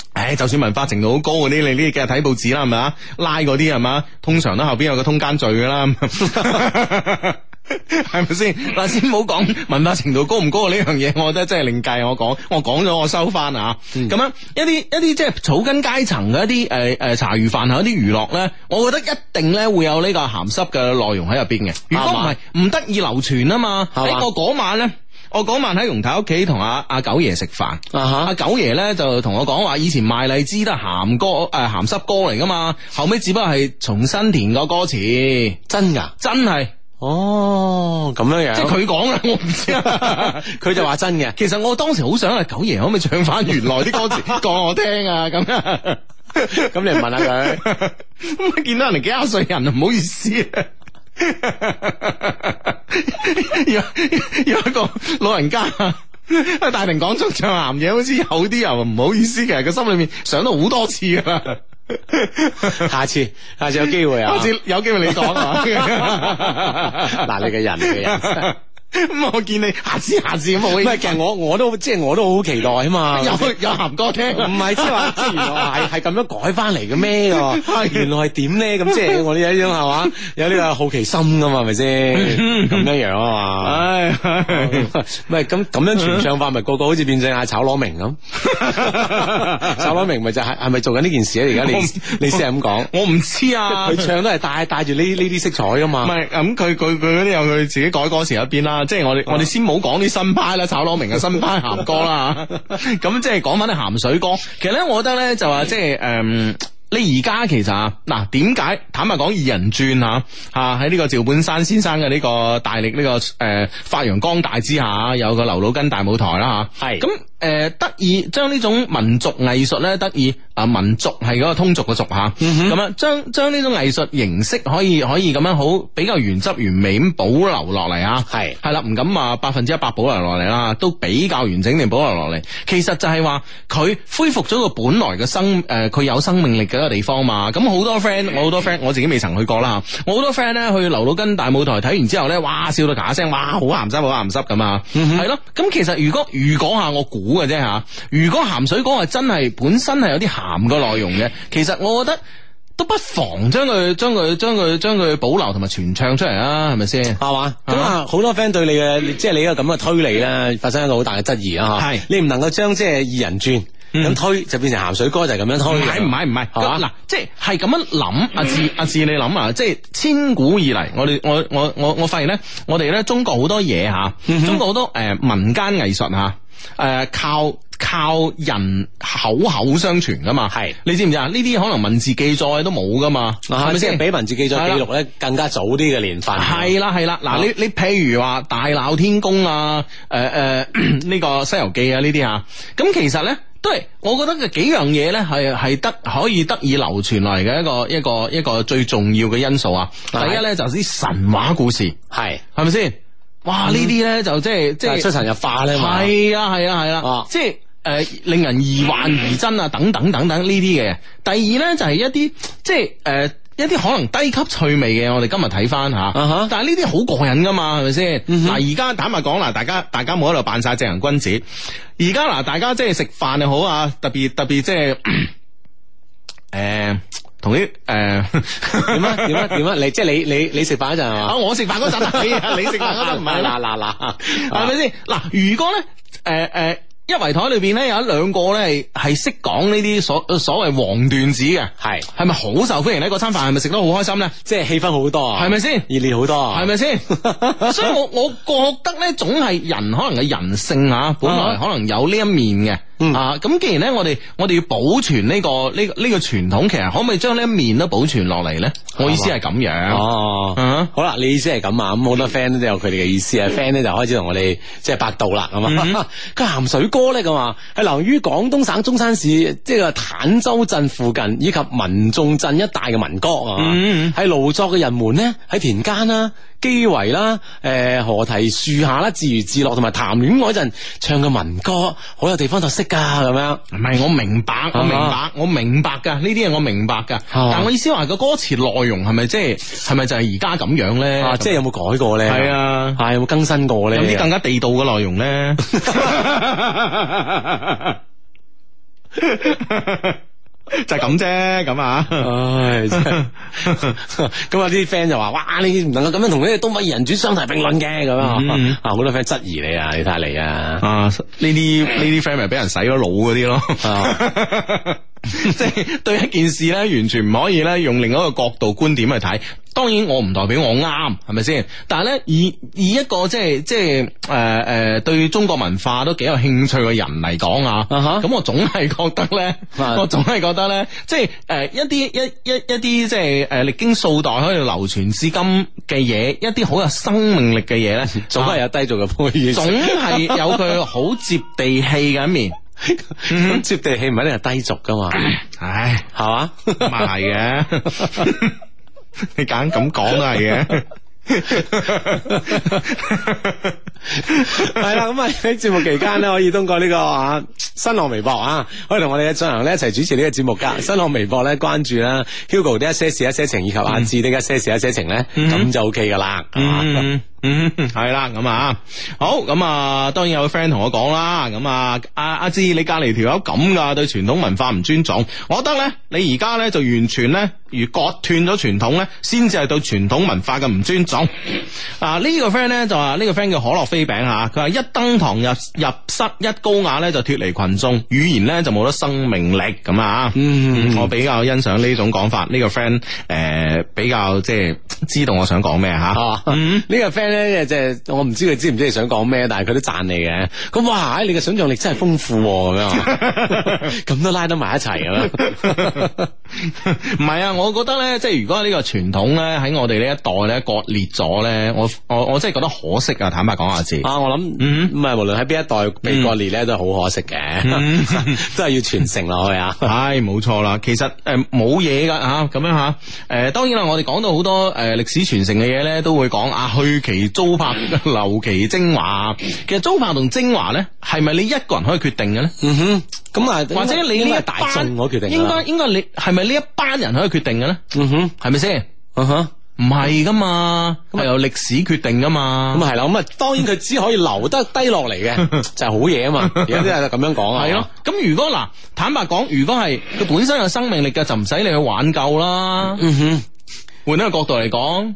哎，就算文化程度好高嗰啲，你呢幾日睇報紙啦係嘛，拉嗰啲係嘛，通常都後邊有個通姦罪噶啦。 係咪先嗱？先唔好講文化程度高唔高呢樣嘢，我覺得真係另計。我講我講咗，我收翻啊！咁、嗯、樣一啲一啲即係草根階層嘅一啲誒誒茶餘飯後一啲娛樂咧，我覺得一定咧會有呢個鹹濕嘅內容喺入邊嘅。如果唔係唔得意流傳啊嘛。喺我嗰晚咧，我嗰晚喺容太屋企同阿阿九爺食飯啊。吓、啊，阿、啊哈啊、九爺咧就同我講話，以前賣荔枝都係鹹歌誒鹹濕歌嚟噶嘛。後尾只不過係重新填個歌詞，真噶真係。哦，咁樣嘅，即係佢講啦，我唔知，佢 就話真嘅。其實我當時好想啊，九爺可唔可以唱翻原來啲歌詞講 我聽啊，咁啊，咁你問下佢，咁 見到人哋幾廿歲人，唔好意思， 有有一個老人家喺大庭廣眾唱鹹嘢，好似有啲人唔好意思嘅，佢心裏面想咗好多次啦。 下次，下次有機會啊！下次有機會你講啊！嗱， 你嘅人你嘅人生。我見你下次下次咁，唔係其實我我都即係我都好期待啊嘛，有有鹹歌聽，唔係即係話係係咁樣改翻嚟嘅咩？原來係點咧？咁即係我呢一種係嘛？有呢個好奇心噶嘛？係咪先咁樣樣啊？嘛，係咁咁樣傳唱法咪個個好似變成阿炒螺明咁，炒螺明咪就係係咪做緊呢件事咧？而家你你先係咁講，我唔知啊，佢唱都係帶帶住呢呢啲色彩噶嘛，唔係咁佢佢佢嗰啲又佢自己改歌時有變啦。啊，即係我哋我哋先冇講啲新派啦，炒攞明嘅新派鹹歌啦，咁 即係講翻啲鹹水歌。其實咧，我覺得咧就話即係誒，你而家其實啊，嗱，點解坦白講二人轉吓吓喺呢個趙本山先生嘅呢個大力呢、這個誒、呃、發揚光大之下，有個劉老根大舞台啦吓，係、啊、咁。是誒、呃，得以將呢種民族藝術咧，得以啊，民族係嗰個通俗嘅俗吓，咁啊，嗯、哼將將呢種藝術形式可以可以咁樣好比較原汁原味咁保留落嚟啊，係係啦，唔敢話百分之一百保留落嚟啦，都比較完整地保留落嚟。其實就係話佢恢復咗個本來嘅生誒，佢、呃、有生命力嘅一個地方嘛。咁、啊、好多 friend，我好多 friend，我自己未曾去過啦、啊。我好多 friend 咧去劉老根大舞台睇完之後咧，哇笑到假聲，哇好鹹濕好鹹濕咁啊，係咯。咁其實如果如講下我估嘅啫吓。如果鹹水歌係真係本身係有啲鹹嘅內容嘅，其實我覺得都不妨將佢、將佢、將佢、將佢保留同埋傳唱出嚟啊，係咪先？係嘛咁啊，好多 friend 對你嘅即係你呢個咁嘅推理咧，發生一個好大嘅質疑啊。係你唔能夠將即係二人轉咁推、嗯、就變成鹹水歌，就係咁樣推唔係唔係唔係嗱，即係係咁樣諗。阿志阿志，你諗啊，即係千古以嚟，我哋我我我我，我發現咧，我哋咧中國好多嘢吓，中國好多誒民間藝術吓。誒，靠靠人口口相傳噶嘛，係是你知唔知啊？呢啲，可能文字記載都冇噶嘛，係咪先？是是比文字記載記錄咧更加早啲嘅年份。係啦係啦，嗱、啊、你你譬如話大鬧天宮啊，誒誒呢個西遊記啊呢啲啊，咁其實咧都係我覺得嘅幾樣嘢咧係係得可以得以流傳落嚟嘅一個一個一個，一個最重要嘅因素啊。是第一咧就係、是、啲神話故事，係係咪先？是是哇！呢啲咧、嗯、就即係即係出神入化咧嘛，係啊係啊係啊，啊啊啊即係誒、呃、令人疑幻疑真啊等等等等呢啲嘅。第二咧就係、是、一啲即係誒、呃、一啲可能低級趣味嘅。我哋今日睇翻吓，啊啊、哈但係呢啲好過癮噶嘛，係咪先？嗱、嗯哼，而家坦白講啦，大家大家冇喺度扮晒正人君子。而家嗱，大家即係食飯又好啊，特別特別即係誒。同啲誒點啊點啊點啊你、啊、即係你你你食飯嗰陣係嘛？啊我食飯嗰陣，你啊你食飯嗰陣唔係嗱嗱嗱，係咪先嗱？如果咧誒誒一圍台裏邊咧有一兩個咧係係識講呢啲所所謂黃段子嘅，係係咪好受歡迎呢？嗰餐飯係咪食得好開心咧？即係氣氛好多，係咪先熱烈好多，係咪先？ 所以我我覺得咧，總係人可能嘅人性啊，本來可能有呢一面嘅。嗯、啊，咁既然咧，我哋我哋要保存呢、呢個呢、呢個呢、呢個傳統，其實可唔可以將呢一面都保存落嚟咧？是是我意思係咁樣哦。啊、好啦，你意思係咁啊？咁好、嗯、多 friend 都有佢哋嘅意思啊。嗯、friend 咧就開始同我哋即係百度啦。咁啊、嗯，佢鹹 水歌咧咁啊，係流於廣東省中山市即係坦洲鎮附近以及民眾鎮一帶嘅民歌、嗯嗯、勞啊。喺勞作嘅人們咧，喺田間啦。基圍啦，誒，河堤樹下啦，自娛自樂同埋談戀愛嗰陣唱嘅民歌，好有地方特色噶咁樣。唔係，我明白，我明白，我明白噶，呢啲嘢我明白噶。但我意思話個歌詞內容係咪、就係啊、即係咪就係而家咁樣咧？即係有冇改過咧？係啊，係、啊、有冇更新過咧？有啲更加地道嘅內容咧。 就係咁啫，咁啊，唉，真咁啊啲 friend 就話，哇，你唔能夠咁樣同呢啲東北二人轉相提並論嘅，咁啊，啊好多 friend 質疑你啊，你睇下嚟啊，啊呢啲呢啲 friend 咪俾人洗咗腦嗰啲咯。 即 係對一件事咧，完全唔可以咧用另一個角度觀點去睇。當然我唔代表我啱，係咪先？但係咧以以一個即係即係誒誒，對中國文化都幾有興趣嘅人嚟講啊，咁我總係覺得咧，我總係覺得咧，即係誒一啲一一一啲即係誒歷經數代可以流傳至今嘅嘢，一啲好有生命力嘅嘢咧， 總係有低俗嘅配樂，總係有佢好接地氣嘅一面。 接地氣唔係一定係低俗噶嘛，唉，係嘛，咪係嘅，你揀咁講都係嘅，係啦，咁啊喺節目期間咧，可以通過呢個新浪微博啊，可以同我哋嘅進行咧一齊主持呢個節目噶，新浪微博咧關注啦，Hugo 啲一些事一些情以及阿志啲一些事一些情咧，咁就 OK 噶啦，嗯，係啦，咁啊，好，咁啊，當然有個 friend 同我講啦，咁啊，阿阿芝，啊、你隔籬條友咁噶，對傳統文化唔尊重，我覺得咧，你而家咧就完全咧，如割斷咗傳統咧，先至係對傳統文化嘅唔尊重。嗯、啊，呢個、呢、就是呢個 friend 咧就話呢個 friend 叫可樂飛餅吓，佢話一登堂入入室，一高雅咧就脫離群眾，語言咧就冇得生命力咁啊，嗯，我比較欣賞呢種講法，呢、呢個 friend 誒、呃，比較即係知道我想講咩吓，嗯，呢個 friend。嗯。即係我唔知佢知唔知你想講咩，但係佢都讚你嘅。咁哇，你嘅想象力真係豐富咁 樣，咁都拉得埋一齊咁樣。唔 係啊，我覺得咧，即係如果呢個傳統咧喺我哋呢一代咧割裂咗咧，我我我真係覺得可惜啊！坦白講下字啊，我諗唔係無論喺邊一代被割裂咧，都好可惜嘅， 都係要傳承落去啊。唉、 哎，冇錯啦，其實誒冇嘢噶吓，咁、呃啊、樣吓。誒、啊，當然啦，我哋講到好多誒歷、呃、史傳承嘅嘢咧，都會講啊，去其。糟粕留其精華，其實糟粕同精華咧，係咪你一個人可以決定嘅咧？嗯哼，咁啊，或者你呢一班大眾決定，應該應該你係咪呢一班人可以決定嘅咧？嗯哼，係咪先？嗯哼，唔係噶嘛，咁係由歷史決定噶嘛，咁啊係啦，咁啊，當然佢只可以留得低落嚟嘅就係好嘢啊嘛，有啲人咁樣講啊，係咯。咁如果嗱，坦白講，如果係佢本身有生命力嘅，就唔使你去挽救啦。嗯哼，換一個角度嚟講。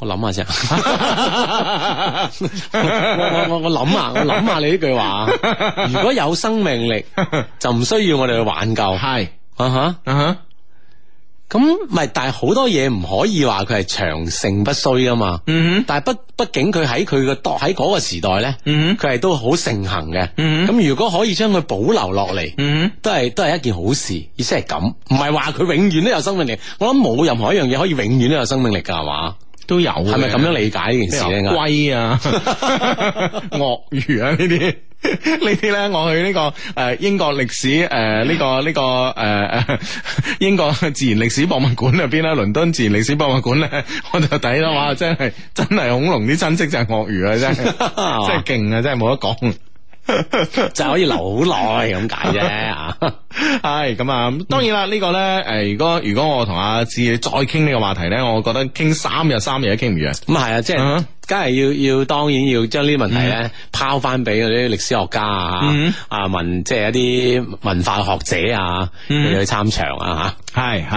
我諗下先。我我我諗啊，我諗下你呢句話。如果有生命力，就唔需要我哋去挽救。係咁咪。但係好多嘢唔可以話佢係長盛不衰噶嘛。Uh huh. 但係不畢竟佢喺佢個喺嗰個時代呢，佢係、uh huh. 都好盛行嘅。嗯咁、uh huh. 如果可以將佢保留落嚟、uh huh.，都係都係一件好事。意思係咁，唔係話佢永遠都有生命力。我諗冇任何一樣嘢可以永遠都有生命力噶，係嘛？都有，係咪咁樣理解呢件事咧？龜啊，鱷 魚啊，呢啲呢啲咧，我去呢、這個誒、呃、英國歷史誒呢、呃這個呢、這個誒誒、呃、英國自然歷史博物館入邊咧，倫敦自然歷史博物館咧，我就睇到哇，真係真係恐龍啲親戚就係鱷魚啊，真係 真係勁啊，真係冇得講。 就可以留好耐咁解啫啊！係咁啊！當然啦，這個、呢個咧誒，如果如果我同阿志再傾呢個話題咧，我覺得傾三日三夜都傾唔完。唔係啊，即係。梗係要要，當然要將呢啲問題咧拋翻俾嗰啲歷史學家啊，啊文即係一啲文化學者啊，嗯嗯去參詳啊吓。係係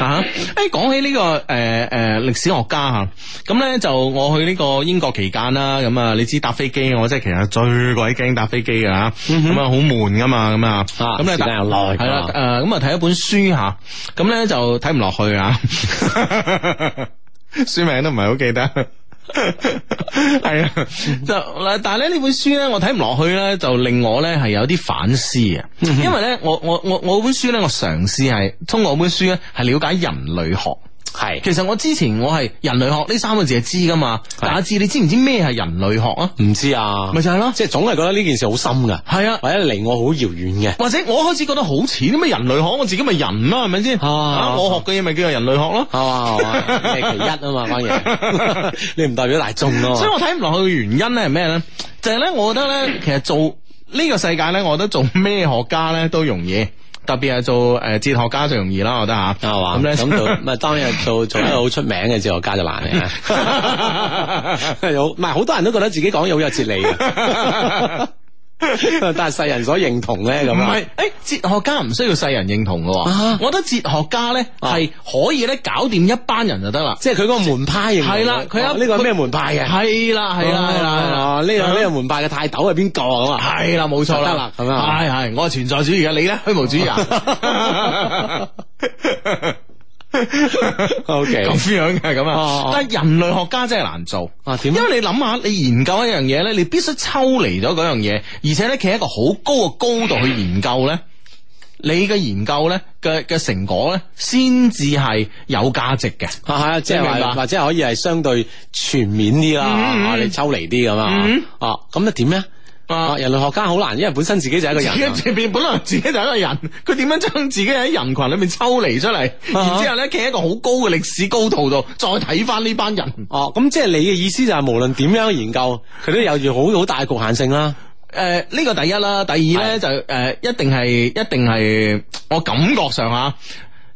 啊，誒，講 起呢、這個誒誒歷史學家吓，咁咧就我去呢個英國期間啦，咁啊，你知搭飛機、嗯嗯、我真係其實最鬼驚搭飛機噶吓，咁啊好悶噶嘛，咁啊咁咧係啦，誒咁啊睇一本書吓，咁咧就睇唔落去啊， 書名都唔係好記得。係啊，就嗱，但係咧呢本書咧，我睇唔落去咧，就令我咧係有啲反思啊。因為咧，我我我我本書咧，我嘗試係通過本書咧，係了解人類學。係，其實我之前我係人類學呢三個字係知噶嘛？大家知你知唔知咩係人類學啊就就？唔知啊，咪就係咯，即係總係覺得呢件事好深噶，係是啊，或者離我好遙遠嘅，或者我開始覺得好淺，咩人類學，我自己咪人啦，啊，係咪先？我學嘅嘢，咪叫做人類學咯，係，啊啊啊啊啊啊啊，其一啊嘛，反而 你唔代表大眾咯。 所以我睇唔落去嘅原因咧係咩咧？就係咧，我覺得咧，其實做呢個世界咧，我覺得做咩學家咧都容易。特別係做誒哲學家最容易啦，我覺得吓，係嘛咁咧咁就唔係當日做, 做,做一個好出名嘅哲學家就難嘅，有唔係好多人都覺得自己講嘢好有哲理嘅。 但係世人所認同咧咁，唔係，誒，哲學家唔需要世人認同嘅，我覺得哲學家咧係可以咧搞掂一班人就得啦，即係佢嗰個門派。係啦，佢一呢個咩門派嘅？係啦，係啦，係啦，呢個呢個門派嘅泰斗係邊個啊？係啦，冇錯啦，係咪？係係，我係存在主義嘅，你咧虛無主義啊？O K，咁樣嘅咁啊，但係人類學家真係難做啊，點、啊？因為你諗下，你研究一樣嘢咧，你必須抽離咗嗰樣嘢，而且咧，企喺一個好高嘅高度去研究咧，你嘅研究咧嘅嘅成果咧，先至係有價值嘅啊，係啊，即係或者可以係相對全面啲啦，嗯、你抽離啲咁啊，哦、啊，咁就點咧？啊！人類學家好難，因為本身自己就係一個人，裏邊本來自己就係一個人，佢點樣將自己喺人群裏面抽離出嚟，然之後咧企喺一個好高嘅歷史高度度，再睇翻呢班人。哦、啊，咁即係你嘅意思就係、是、無論點樣研究，佢都有住好好大局限性啦。誒、呃，呢、這個第一啦，第二咧的就誒、呃，一定係一定係，我感覺上啊，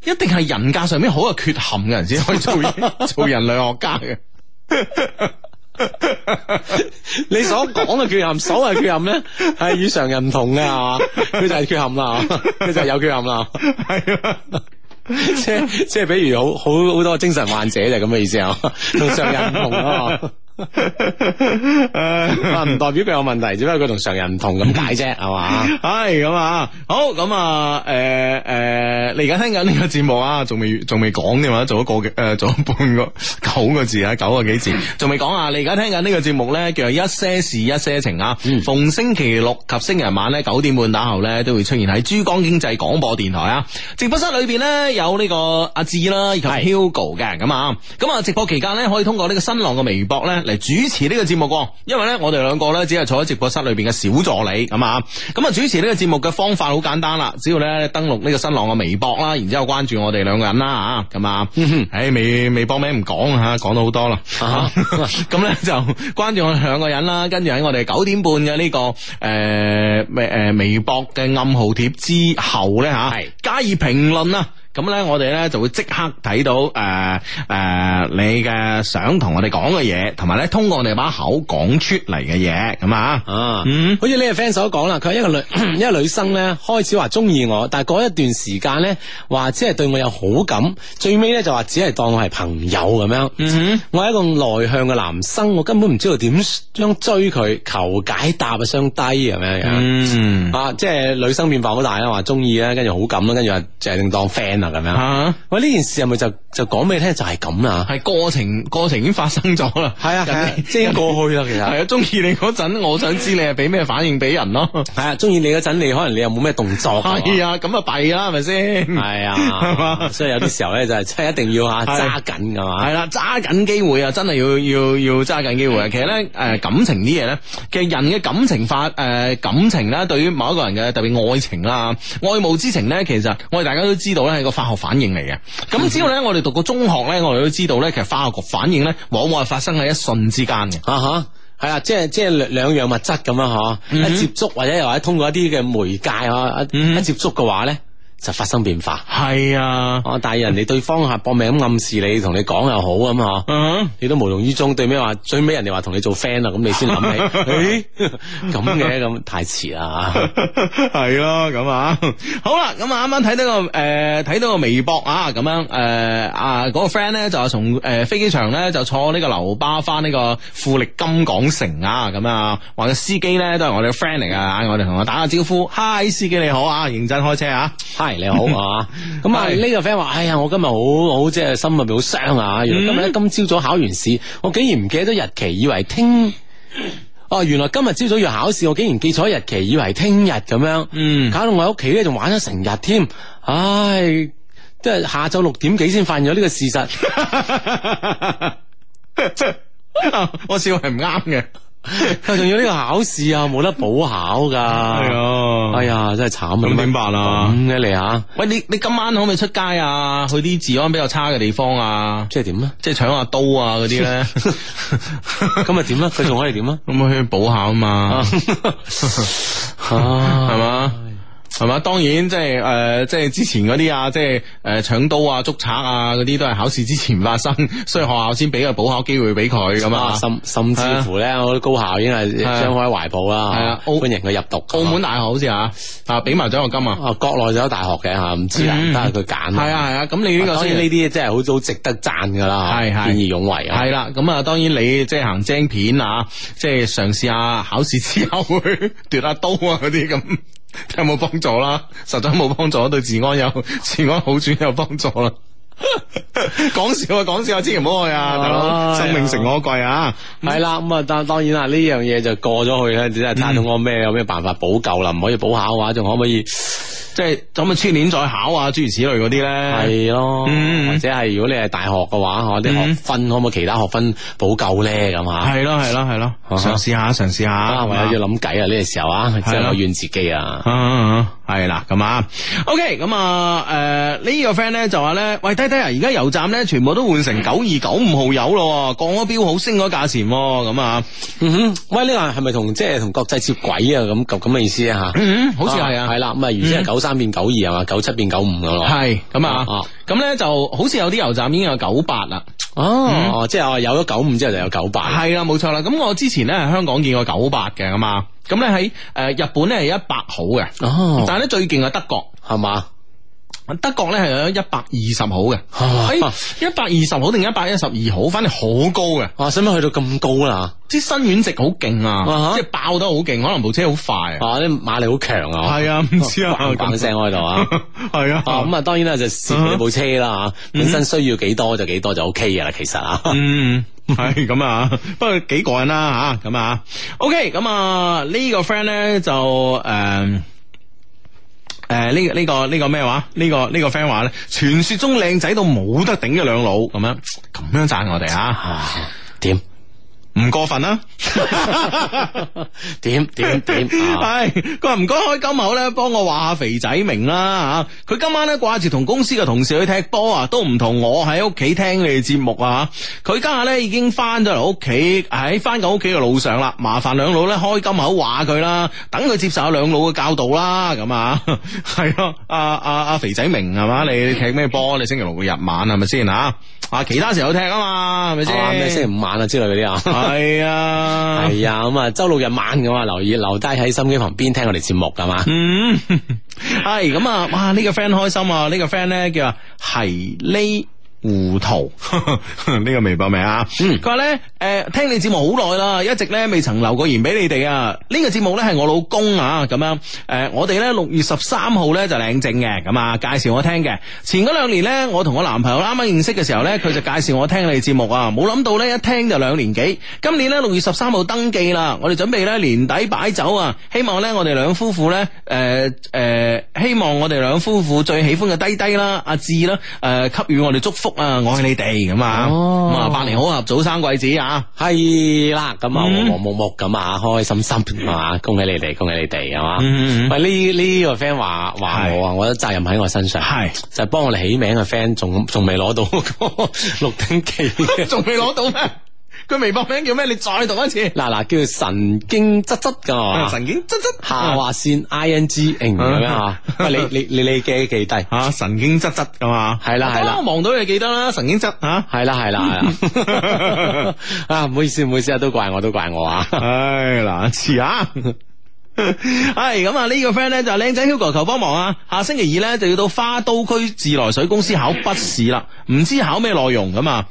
一定係人格上面好有缺陷嘅人先可以做 做人類學家嘅。 你所講嘅缺陷，所謂缺陷咧，係與常人唔同嘅係嘛，佢就係缺陷啦，佢就係有缺陷啦，係 啊， 即係即係，比如好好好多精神患者就係咁嘅意思啊，同 常人唔同啊。 誒，唔代表佢有問題，只不過佢同常人唔同咁解啫，係嘛 吧？係咁啊，好咁啊，誒、呃、誒、呃，你而家聽緊呢個節目啊，仲未仲未講添啊，做咗個誒，做、呃、咗半個九個字啊，九個幾字，仲未講啊？你而家聽緊呢個節目咧，叫做一些事一些情啊，逢、嗯、星期六及星期日晚咧九點半打後咧，都會出現喺珠江經濟廣播電台啊，直播室裏邊咧有呢個阿志啦，以及 Hugo 嘅，咁啊，咁啊，直播期間咧可以通過呢個新浪嘅微博咧。嚟主持呢個節目嘅，因為呢，我哋兩個呢，只係坐喺直播室裏邊嘅小助理咁啊，咁啊主持呢個節目嘅方法好簡單啦，只要呢登錄呢個新浪嘅微博啦，然之後關注我哋兩個人啦啊，咁啊，喺微博名唔講吓，講到好多啦，咁呢， 就關注我哋兩個人啦，跟住喺我哋九點半嘅，呢、呢個誒誒、呃、微博嘅暗號貼之後呢，吓，加以評論啊。咁咧，我哋咧就會即刻睇到誒誒、呃呃，你嘅想同我哋講嘅嘢，同埋咧通過我哋把口講出嚟嘅嘢，咁啊啊，啊嗯、哼好似呢個 friend 所講啦，佢係一個女一個女生咧開始話中意我，但係嗰一段時間咧話只係對我有好感，最尾咧就話只係當我係朋友咁樣。嗯、哼我係一個內向嘅男生，我根本唔知道點將追佢，求解答雙低咁樣樣。嗯、哼啊，即、就、係、是、女生變化好大啊，話中意啊，跟住好感啦，跟住話就係當 friend。咁樣啊！喂，呢件事係咪就就講俾你聽？就係咁啊？係過程過程已經發生咗啦，係啊即係過去啦。其實係啊，中意你嗰陣，我想知你係俾咩反應俾人咯。係啊，中意你嗰陣，你可能你又冇咩動作。係啊，咁啊弊啦，係咪先？係啊，所以有啲時候咧，就係真係一定要吓揸緊噶嘛。係啦，揸緊機會啊，真係要要要揸緊機會啊。其實咧，誒感情啲嘢咧，其實人嘅感情發誒感情咧，對於某一個人嘅特別愛情啦、愛慕之情咧，其實我哋大家都知道咧化學反應嚟嘅，咁只要咧我哋讀過中學咧，我哋都知道咧，其實化學局反應咧，往往係發生喺一瞬之間嘅。啊吓係啊，即係即係兩兩樣物質咁樣吓，一、mm hmm. 接觸或者又或者通過一啲嘅媒介啊，一、mm hmm. 接觸嘅話咧。就發生變化係啊！我但係人哋對方嚇搏命咁暗示你同 你講又好咁嗬，uh huh. 你都無動於衷。最尾話，最尾人哋話同你做 friend 啊，咁你先諗起。誒咁嘅咁太遲啦嚇，係咯咁啊！好、呃、啦，咁啱啱睇到個誒睇到個微博啊，咁樣誒啊嗰個 friend 咧就係從誒、呃、飛機場咧就坐呢個樓巴翻呢個富力金港城啊，咁啊話個司機咧都係我哋嘅 friend 嚟噶，嗌我哋同我打下招呼。Hi 司機你好啊，認真,認真開車啊！你好 啊，咁啊呢個 friend 話，哎呀，我今,今,今我日好好即係心入邊好傷啊！原來今日咧今朝早考完試，我竟然唔記得咗日期，以為聽哦，原來今日朝早要考試，我竟然記錯日期，以為聽日咁樣，嗯，搞到我喺屋企咧仲玩咗成日添，唉、哎，即係下晝六點幾先發現咗呢個事實， 我笑係唔啱嘅。佢仲要呢個考試啊，冇得補考噶。係啊、哎呀，哎呀，真係慘啊！咁點辦啊？咁嘅嚟吓，喂你你今晚可唔可以出街啊？去啲治安比較差嘅地方啊？即係點啊？即係搶下刀啊嗰啲咧？呢 今日點啊？佢仲可以點啊？咁可以去補考啊嘛？吓係嘛？係嘛？當然即係誒，即係之前嗰啲啊，即係誒搶刀啊、捉賊啊嗰啲，都係考試之前發生，所以學校先俾個補考機會俾佢咁啊。甚甚至乎咧，好多高校已經係張開懷抱啦，係啊，歡迎佢入讀。澳門大學好似吓，啊俾埋獎學金啊。啊，國內就有大學嘅吓，咁自然得佢揀。係啊係啊，咁你呢個所以呢啲真係好早值得讚噶啦，係係見義勇為。係啦，咁啊，當然你即係行精片啊，即係嘗試下考試之後去奪下刀啊嗰啲咁。有冇幫助啦？實在冇幫助，對治安有治安好轉有幫助啦。講， 笑啊，講笑啊，千祈唔好去啊！啊哥哥生命誠可貴啊，係啦，咁啊，但當然啦，呢樣嘢就過咗去咧，你真係睇到我咩？嗯、有咩辦法補救啦？唔可以補考嘅話，仲可唔可以？即係咁啊！出年再考啊，諸如此類嗰啲咧。係咯，嗯、或者係如果你係大學嘅話，嚇啲、嗯、學分可唔可以其他學分補夠咧？咁啊、嗯，係 咯，係咯，係咯，嘗試下嘗試下，啊、吧或者要諗計啊呢個時候咯咯啊，真係怨自己啊。嗯嗯係啦，咁啊，OK，咁啊，誒、OK, 啊，呃這個、呢個 friend 咧就話咧，喂，弟弟啊，而家油站咧全部都換成九二九五號油咯，降咗標，好升咗價錢、啊，咁啊，嗯哼，喂，呢個係咪同即係同國際接軌啊？咁咁咁嘅意思啊？吓、嗯，嗯好似係啊，係啦，咁、嗯、啊，原先係九三變九二係嘛，九七變九五咁咯，係，咁啊。啊咁咧就好似有啲油站已經有九八啦，哦，嗯、即係我有咗九五之後就有九八，係啦，冇錯啦。咁我之前咧喺香港見過九八嘅啊嘛，咁咧喺誒日本咧係一百號嘅，哦、但係咧最勁係德國，係嘛？德國咧係有一百二十號嘅，一百二十號定一百一十二號，反正好高嘅。哇、啊，使乜去到咁高啦？啲新院值好勁啊，啊啊即係爆得好勁，可能部車好快，啊，啲、啊、馬力好強啊。係啊，唔知啊，咁聲喺度啊，係 啊。咁啊、嗯，當然啦，就視、是、你部車啦，本、啊、身需要幾多就幾多就 OK 噶啦，其實啊。嗯，係咁啊，不過幾過癮啦吓，咁啊。啊 OK，咁啊呢個 friend 咧就誒。嗯嗯誒，呢個呃呢個呢個咩話？呢個呢個 friend 話咧， 傳說中靚仔到冇得頂嘅兩老，咁樣咁樣讚我哋 啊？點？ 唔過分啦、啊， 點點點係佢話唔該開金口咧，幫我話下肥仔明啦，吓，佢今晚咧掛住同公司嘅同事去踢波啊，都唔同我喺屋企聽你哋節目啊，佢家下咧已經翻咗嚟屋企，喺翻緊屋企嘅路上啦，麻煩兩老咧開金口話佢啦，等佢接受下兩老嘅教導啦，咁啊係啊，阿阿阿肥仔明係嘛，你踢咩波？你星期六會日晚係咪先啊？啊其他時候踢啊嘛，係咪先？咩、啊、星期五晚啊之類嗰啲啊？ 係啊，係啊，咁啊，周六日晚嘅話留意留低喺手機旁邊聽我哋節目，係嘛？嗯，係咁啊，哇，呢個 friend 開心啊，呢個 friend 咧叫做係呢。胡塗、 嗯、呢個微博名啊？佢話呢誒，聽你節目好耐啦，一直呢未曾留個言俾你哋啊。呢、這個節目呢係我老公啊，咁樣誒、呃，我哋呢六月十三號呢就領證嘅，咁啊介紹我聽嘅。前嗰兩年呢，我同我男朋友啱啱認識嘅時候呢，佢就介紹我聽你節目啊。冇諗到呢，一聽就兩年幾。今年呢六月十三號登記啦，我哋準備呢年底擺酒啊。希望呢我哋兩夫婦呢，誒、呃、誒、呃，希望我哋兩夫婦最喜歡嘅低低啦，阿志啦，誒，給、呃、予我哋祝福。啊！我係你哋咁啊，咁啊，百年好合，早生貴子啊，係啦，咁啊，和和睦睦咁啊，開開心心係嘛，恭喜你哋，恭喜你哋係嘛，喂，呢呢個 friend 話話我啊，我的責任喺我身上，係就係幫我哋起名嘅 friend，仲仲未攞到鹿鼎記，仲未攞到咩？佢微博名叫咩？你再讀一次嗱嗱、啊，叫神經質質噶，神經質質下劃線 i n g 咁樣啊！你你你你記記低吓、啊，神經質質噶嘛？係啦係啦，望、啊、到你記得啦，神經質吓，係啦係啦，啊！唔好意思唔好意思，都怪我都怪我 啊！唉嗱，遲啊！係咁啊，呢個 friend 咧就靚仔 Hugo 求幫忙啊！下星期二咧就要到花都區自來水公司考筆試啦，唔知考咩內容咁啊！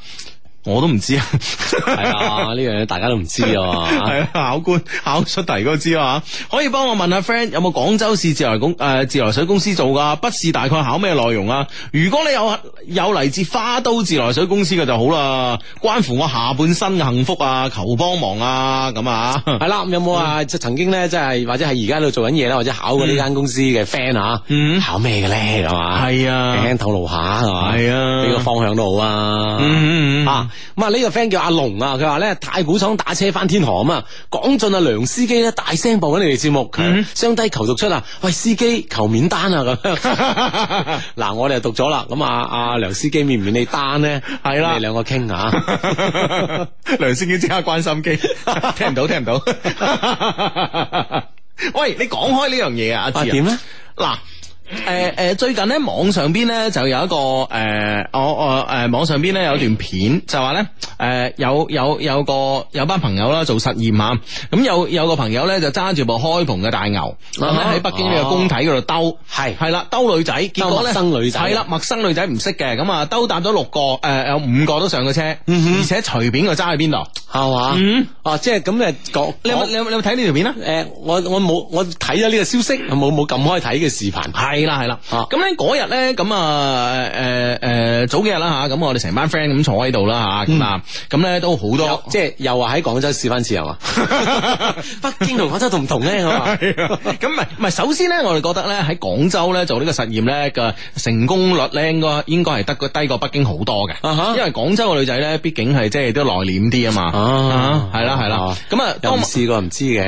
我都唔知 啊，係啊，呢樣嘢大家都唔知 啊。係考官考出題都知啊，可以幫我問下 friend 有冇廣州市自來水公誒自來水公司做噶？筆試大概考咩內容啊？如果你有有嚟自花都自來水公司嘅就好啦，關乎我下半身嘅幸福啊！求幫忙啊！咁啊，係啦、 啊，有冇啊？曾經咧，即係或者係而家喺度做緊嘢咧，或者考過呢間公司嘅 friend 啊？考咩嘅咧？係嘛？係啊，輕輕透露下係嘛？係啊，呢個方向都好啊。嗯啊。啊咁啊，呢個 friend 叫阿龍啊，佢話咧太古倉打車翻天河啊嘛，講盡阿梁司機咧大聲播緊你哋節目，嗯，降低求讀出啊，喂司機求免單啊咁，嗱 我哋就讀咗啦，咁啊阿梁司機免唔免你單咧？係啦的，你兩個傾下。 梁司機即刻關心機，聽唔到聽唔到，到 喂你講開呢樣嘢啊，阿志啊點咧嗱？誒誒，最近咧網上邊咧就有一個誒，我我誒網上邊咧有段片，就話咧誒有有有個有班朋友啦做實驗吓，咁有有個朋友咧就揸住部開篷嘅大牛喺北京呢個工體嗰度兜，係係啦，兜女仔，結果咧陌生女仔，係啦，陌生女仔唔識嘅，咁啊兜搭咗六個，誒有五個都上咗車，而且隨便就揸去邊度，係嘛，啊即係咁誒講，你有你有你有冇睇呢條片啊？誒，我我冇我睇咗呢個消息，冇冇撳開睇嘅視頻，啦係啦，咁咧嗰日咧咁啊誒誒早幾日啦吓，咁我哋成班 friend 咁坐喺度啦吓，咁啊咁咧都好多，即係又話喺廣州試翻次係嘛？北京同廣州同唔同咧？咁啊，唔唔，首先咧我哋覺得咧喺廣州咧做呢個實驗咧嘅成功率咧，應該應該係得低過北京好多嘅，因為廣州嘅女仔咧，畢竟係即係都內斂啲啊嘛，係啦係啦，咁啊，有試過唔知嘅。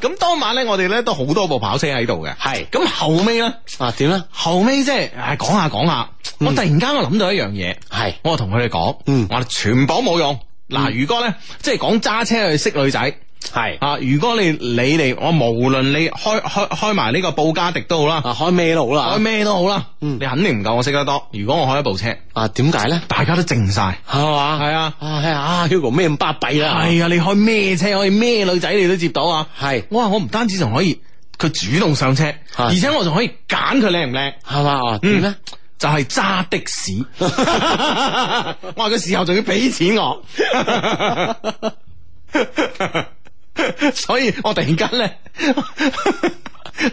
咁當晚咧，我哋咧都好多部跑車喺度嘅，係咁。後尾咧啊，點咧後尾即係講下講下，我突然間我諗到一樣嘢，係我同佢哋講，我哋全部冇用。嗱，如果咧即係講揸車去識女仔，係啊，如果你你哋，我無論你開開開埋呢個布加迪都好啦，開咩都好啦，開咩都好啦，你肯定唔夠我識得多。如果我開一部車啊，點解咧？大家都靜晒係嘛？係啊啊啊！Hugo 咩咁巴閉啊？係啊！你開咩車可以咩女仔你都接到啊？係我話我唔單止仲可以。佢主動上車，而且我仲可以揀佢靚唔靚，係嘛吧？點咧、嗯？就係揸的士 ，我話，佢時候仲要俾錢，我， 所以我突然間咧。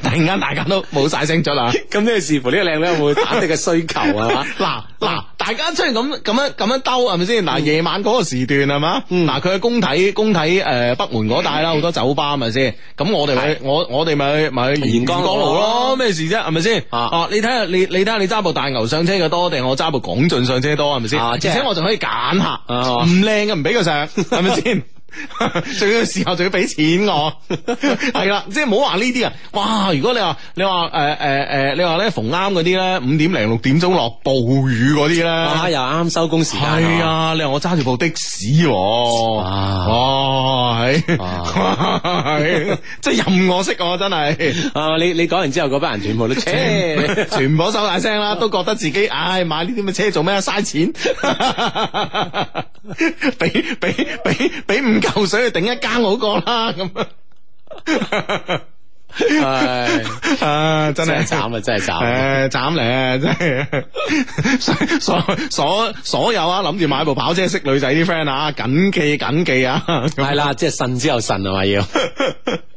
突然間大家都冇晒聲咗啦，咁咧視乎呢個靚女有冇打的嘅需求啊？嗱嗱，大家出嚟咁咁樣咁樣兜係咪先？嗱，夜晚嗰個時段係嘛？嗱，佢喺工體工體誒北門嗰帶啦，好多酒吧係咪先？咁我哋咪我我哋咪咪去沿江江路咯，咩事啫？係咪先？哦，你睇下你你睇下你揸部大牛上車嘅多定我揸部廣駿上車多係咪先？而且我仲可以揀下，唔靚嘅唔俾佢上係咪先？仲 要時候，仲要俾錢我，係 啦，即係冇好話呢啲啊！哇，如果你話你話誒誒誒，你話咧、呃呃呃、逢啱嗰啲咧，五點零六點鐘落暴雨嗰啲咧，又啱收工時間，係啊，啊！你話我揸住部的士，哇，係，即係任我識我，我真係啊！你你講完之後，嗰班人全部都車， 全部收大聲啦，都覺得自己唉、哎、買呢啲咁嘅車做咩啊？嘥錢，俾俾俾俾唔～舊水去頂一間好過啦，咁啊，係 唉啊，真係慘啊，真係慘，誒，慘嚟，真係 所所所有啊，諗住買部跑車識女仔啲 friend 啊，謹記謹記啊，係啦，即係神之又神係咪要。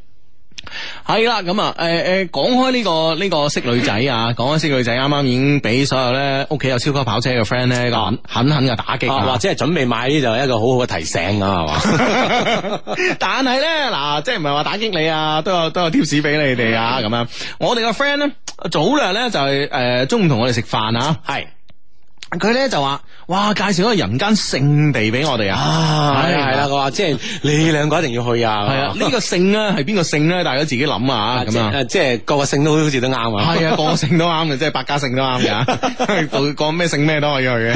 係啦，咁啊，誒誒，講開呢個呢，呢個識女仔啊，講開識女仔，啱啱已經俾所有咧屋企有超級跑車嘅 friend 咧，咁狠狠嘅打擊，或者係準備買呢就係一個好好嘅提醒啊，係嘛？ 但係咧，嗱，即係唔係話打擊你啊，都有都有 tips 俾你哋啊，咁、嗯、樣。我哋個 friend 咧，早兩日咧就係誒中午同我哋食飯啊，係。佢咧就話，哇，介紹一個人間聖地俾我哋啊！系係啦，佢話即係你兩個一定要去啊！係啊，呢個聖咧係邊個聖咧？大家自己諗啊！咁啊，即係個個聖都好似都啱啊！係啊，個個聖都啱嘅，即係百家姓都啱嘅，個個咩姓咩都可以去嘅。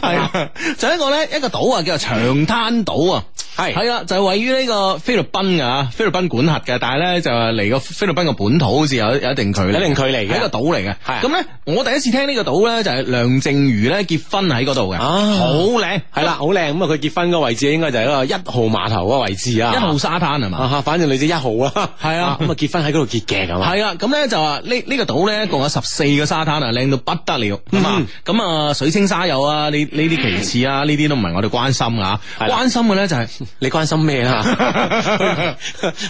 係啊，就一個咧，一個島啊，叫做長灘島啊，係係啦，就位於呢個菲律賓嘅啊，菲律賓管轄嘅，但係咧就係離個菲律賓嘅本土好似有有一定距離，一定距離，嘅，一個島嚟嘅。係咁咧，我第一次。聽呢個島咧就係梁靜茹咧結婚喺嗰度嘅，好靚係啦，好靚咁啊！佢結婚個位置應該就係個一號碼頭個位置啊，一號沙灘係嘛？啊，反正類似一號啊，係啊咁啊結婚喺嗰度結嘅咁，係啊咁咧就話呢呢個島咧共有十四個沙灘啊，靚到不得了咁啊！咁啊水清沙幼啊，呢呢啲其次啊，呢啲都唔係我哋關心啊，關心嘅咧就係你關心咩啊？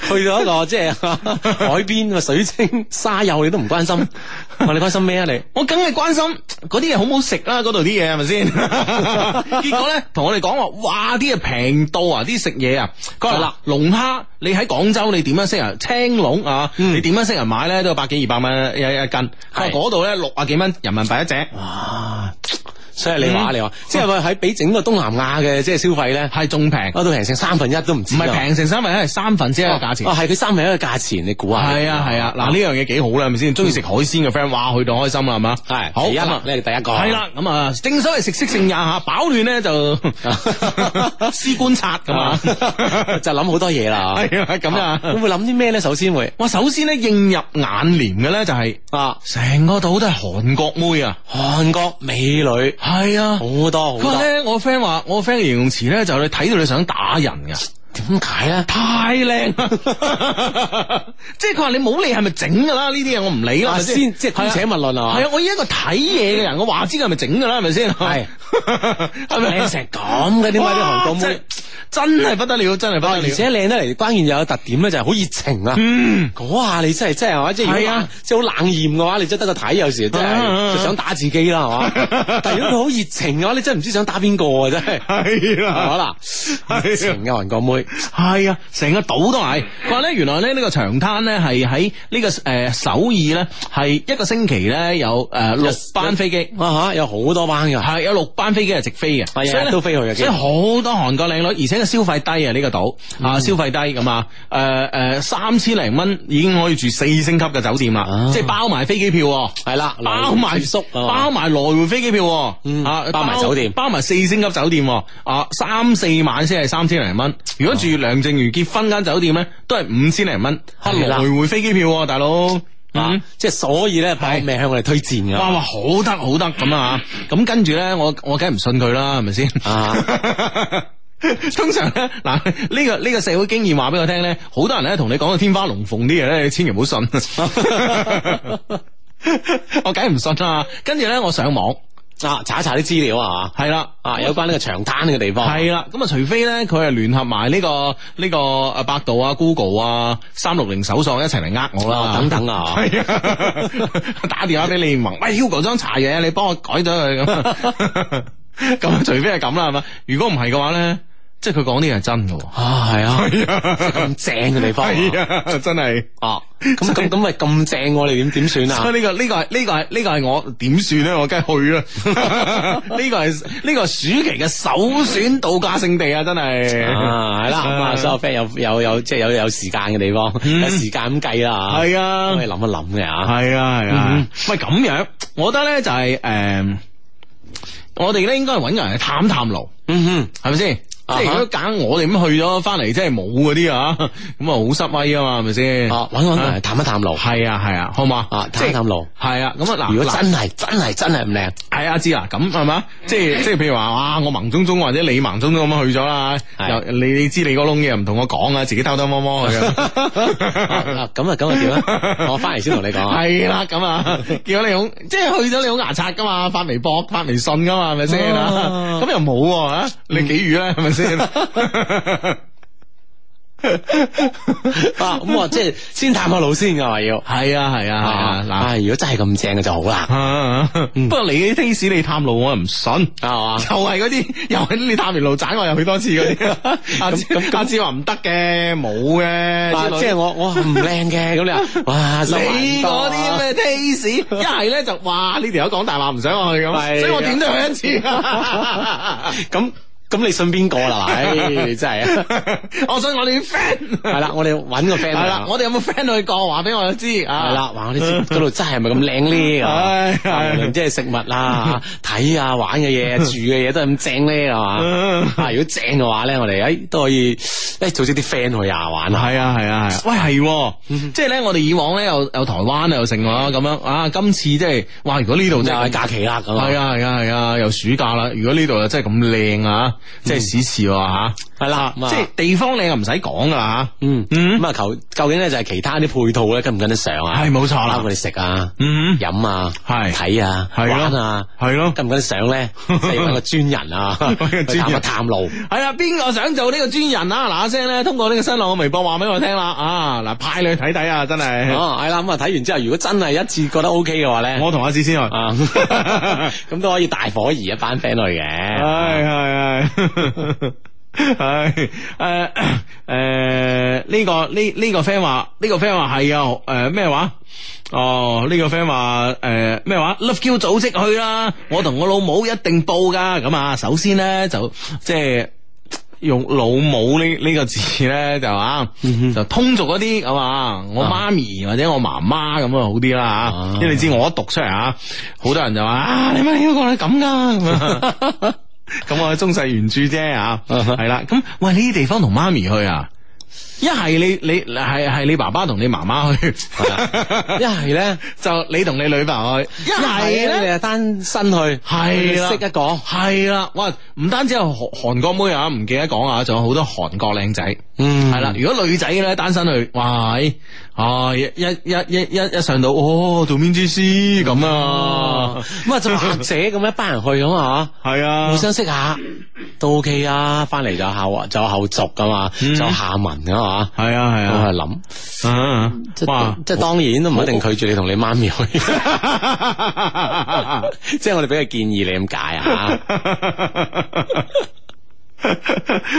去到一個即係海邊嘅，水清沙幼你都唔關心，問你關心咩啊？你我更。關心嗰啲嘢好唔好食啦，啊，嗰度啲嘢係咪先？是是 結果咧，同我哋講話，哇，啲嘢平到啊，啲食嘢啊，佢話啦，龍蝦。你喺廣州，你點樣識人青龍啊？你點樣識人買咧？都有百幾二百蚊一一斤，喺嗰度咧六啊幾蚊人民幣一隻。哇！所以你話你話，即係佢喺俾整個東南亞嘅即係消費咧，係仲平啊，都平成三分一都唔知。唔係平成三分一，係三分之一個價錢。哦，係佢三分一嘅價錢，你估下？係啊係啊，嗱呢樣嘢幾好啦，係咪先？中意食海鮮嘅 friend，哇去到開心啦，係嘛？係好，呢係第一個。係啦，咁啊，正所謂食色性也吓，飽暖咧就思觀察，咁嘛，就諗好多嘢啦。咁啊！會唔會諗啲咩咧？首先會，哇！首先咧，映入眼簾嘅咧就係啊，成個島都係韓國妹啊，韓國美女係啊，好多好多。咧我 friend 話，我 friend 嘅形容詞咧就係你睇到你想打人噶，點解咧？太靚，即係佢話你冇理係咪整噶啦？呢啲嘢我唔理咯，係咪先？即係姑且勿論啊嘛。係啊，我以一個睇嘢嘅人，我話知佢係咪整噶啦？係咪先？係，係咪成咁嘅？點解啲韓國妹？真係不得了，真係不得了，而且靚得嚟，關鍵有個特點咧，就係好熱情啊！嗯，下你真係真係話，即係係啊，即係好冷艷嘅話，你真係得個睇，有時真係就想打自己啦，係嘛？但係如果佢好熱情嘅話，你真係唔知想打邊個啊！真係係啦，好啦，熱情嘅韓國妹，係啊，成個島都係。話咧，原來咧呢個長灘咧係喺呢個誒首爾咧係一個星期咧有誒六班飛機有好多班嘅，係有六班飛機係直飛嘅，係啊，都飛去嘅，即係好多韓國靚女。而且個消費低啊，呢個島啊，消費低咁啊，誒誒，三千零蚊已經可以住四星級嘅酒店啦，即係包埋飛機票，係啦，包埋宿，包埋來回飛機票，啊，包埋酒店，包埋四星級酒店，啊，三四晚先係三千零蚊。如果住梁靜茹結婚間酒店咧，都係五千零蚊，係來回飛機票，大佬，啊，即係所以咧，派咩向我哋推薦噶？哇哇，好得好得咁啊，咁跟住咧，我我梗係唔信佢啦，係咪先？通常咧，嗱呢個呢個社會經驗話俾我聽咧，好多人咧同你講到天花龍鳳啲嘢咧，你千祈唔好信。我梗唔信啊！跟住咧，我上網啊查一查啲資料啊，係啦啊有關呢個長灘呢個地方係啦。咁啊，除非咧佢係聯合埋呢個呢個啊百度啊 Google 啊三六零搜索一齊嚟呃我啦，等等啊，係打電話俾李彥宏問，喂，Google 想查嘢，你幫我改咗佢咁。咁除非係咁啦，係嘛？如果唔係嘅話咧，即係佢講啲嘢係真嘅。啊，係啊，咁正嘅地方，係啊，真係啊，咁咁咁咪咁正我哋點點算啊？所以呢個呢個係呢個係呢個係我點算咧？我梗係去啦。呢個係呢個暑期嘅首選度假勝地啊！真係啊，係啦，咁啊，所有 friend 有有有即係有有時間嘅地方，有時間咁計啦。係啊，諗一諗嘅吓，係啊係啊。喂，咁樣我覺得咧就係誒。我哋咧應該搵人去探探路，嗯哼，係咪先？即係如果揀我哋咁去咗翻嚟，真係冇嗰啲啊，咁啊好失威啊嘛，係咪先？啊，搵搵，探一探路。係啊係啊，好嘛？啊，探一探路。係啊，咁啊嗱。如果真係真係真係唔靚，係啊，知啊，咁係嘛？即係即係譬如話哇，我盲中中或者你盲中中咁樣去咗啦，你你知你個窿嘢唔同我講啊，自己偷偷摸摸去。咁啊咁啊點啊？我翻嚟先同你講。係啦，咁啊，見到你好，即係去咗你好牙刷噶嘛？發微博、發微信噶嘛？係咪先？咁又冇啊？你幾語咧？係咪？先啊！咁我即係先探下路先，係咪要？係啊，係啊，係啊。嗱，如果真係咁正嘅就好啦。不過你啲 taste 你探路，我又唔信啊！哇，又係嗰啲，又係你探完路，踩我又去多次嗰啲。阿阿阿話唔得嘅，冇嘅，即係我哇唔靚嘅咁你樣。哇，你嗰啲咩 taste 一係咧就哇呢條友講大話唔想我去咁，所以我點都去一次。咁。咁你信邊個啦？唉、哎，真係啊！我相信我啲 friend 係啦， 我哋搵個 friend 係啦，了了我哋有冇 friend 去過？話俾我， 我知啊！係啦，話我知嗰度真係咪咁靚呢？即係食物啊、睇啊、玩嘅嘢、住嘅嘢都係咁正咧，係嘛？如果正嘅話咧，我哋誒都可以誒組織啲 friend 去啊玩啊！係啊， 係啊，係！喂，係即係咧，我哋以往咧有有台灣又成啊咁樣啊，今次即、就、係、是、哇！如果呢度即係假期啦，咁係啊，係啊，係啊，又暑假啦！如果呢度又真係咁靚啊！即係試試吓，係啦，即係地方你又唔使講噶啦，嗯嗯，咁啊，求究竟咧就係其他啲配套咧跟唔跟得上啊？係冇錯啦，我哋食啊，嗯，飲啊，係睇啊，玩啊，係咯，跟唔跟得上咧？四個專人啊，去探個探路，係啊，邊個想做呢個專人啊？嗱聲咧，通過呢個新浪嘅微博話俾我聽啦，啊，嗱派你去睇睇啊，真係哦，係啦，咁啊睇完之後，如果真係一次覺得 OK 嘅話咧，我同阿子先去，咁都可以大伙兒一班 friend 去嘅，係係係。係誒誒，呢、呃這個呢呢、這個 friend、這個呃、話呢、哦這個 friend、呃、話係啊誒咩話哦呢個 friend 話誒咩話 Love Q 組織去啦，我同我老母一定報噶。咁啊，首先咧就即係用老母呢呢、這個字咧就啊就通俗嗰啲，咁啊，我媽咪或者我媽媽咁啊好啲啦吓。因為你知我一讀出嚟啊，好多人就話啊你乜嘢都過嚟咁噶。 咁我係中世原著啫啊，係啦， 咁喂，呢啲地方同媽咪去啊，一係你你係係你爸爸同你媽媽去，一係咧就你同你女朋友去，一係咧你係單身去，係啦的，的識得講，係啦，哇，唔單止係韓韓國妹啊，唔記得講啊，仲有好多韓國靚仔，嗯。係啦， 如果女仔咧單身去，哇，啊，一一一一一,一上到，哦，做編輯師咁啊，咁啊做學姐咁，一班人去咁啊，係啊，互相識下都 OK 啊，翻嚟就後就後續噶嘛，就、嗯、下文噶嘛，係啊係啊，我係諗，即係、哦就是、當然都唔一定拒絕你同你媽咪去，即 係 我哋俾個建議你咁解啊。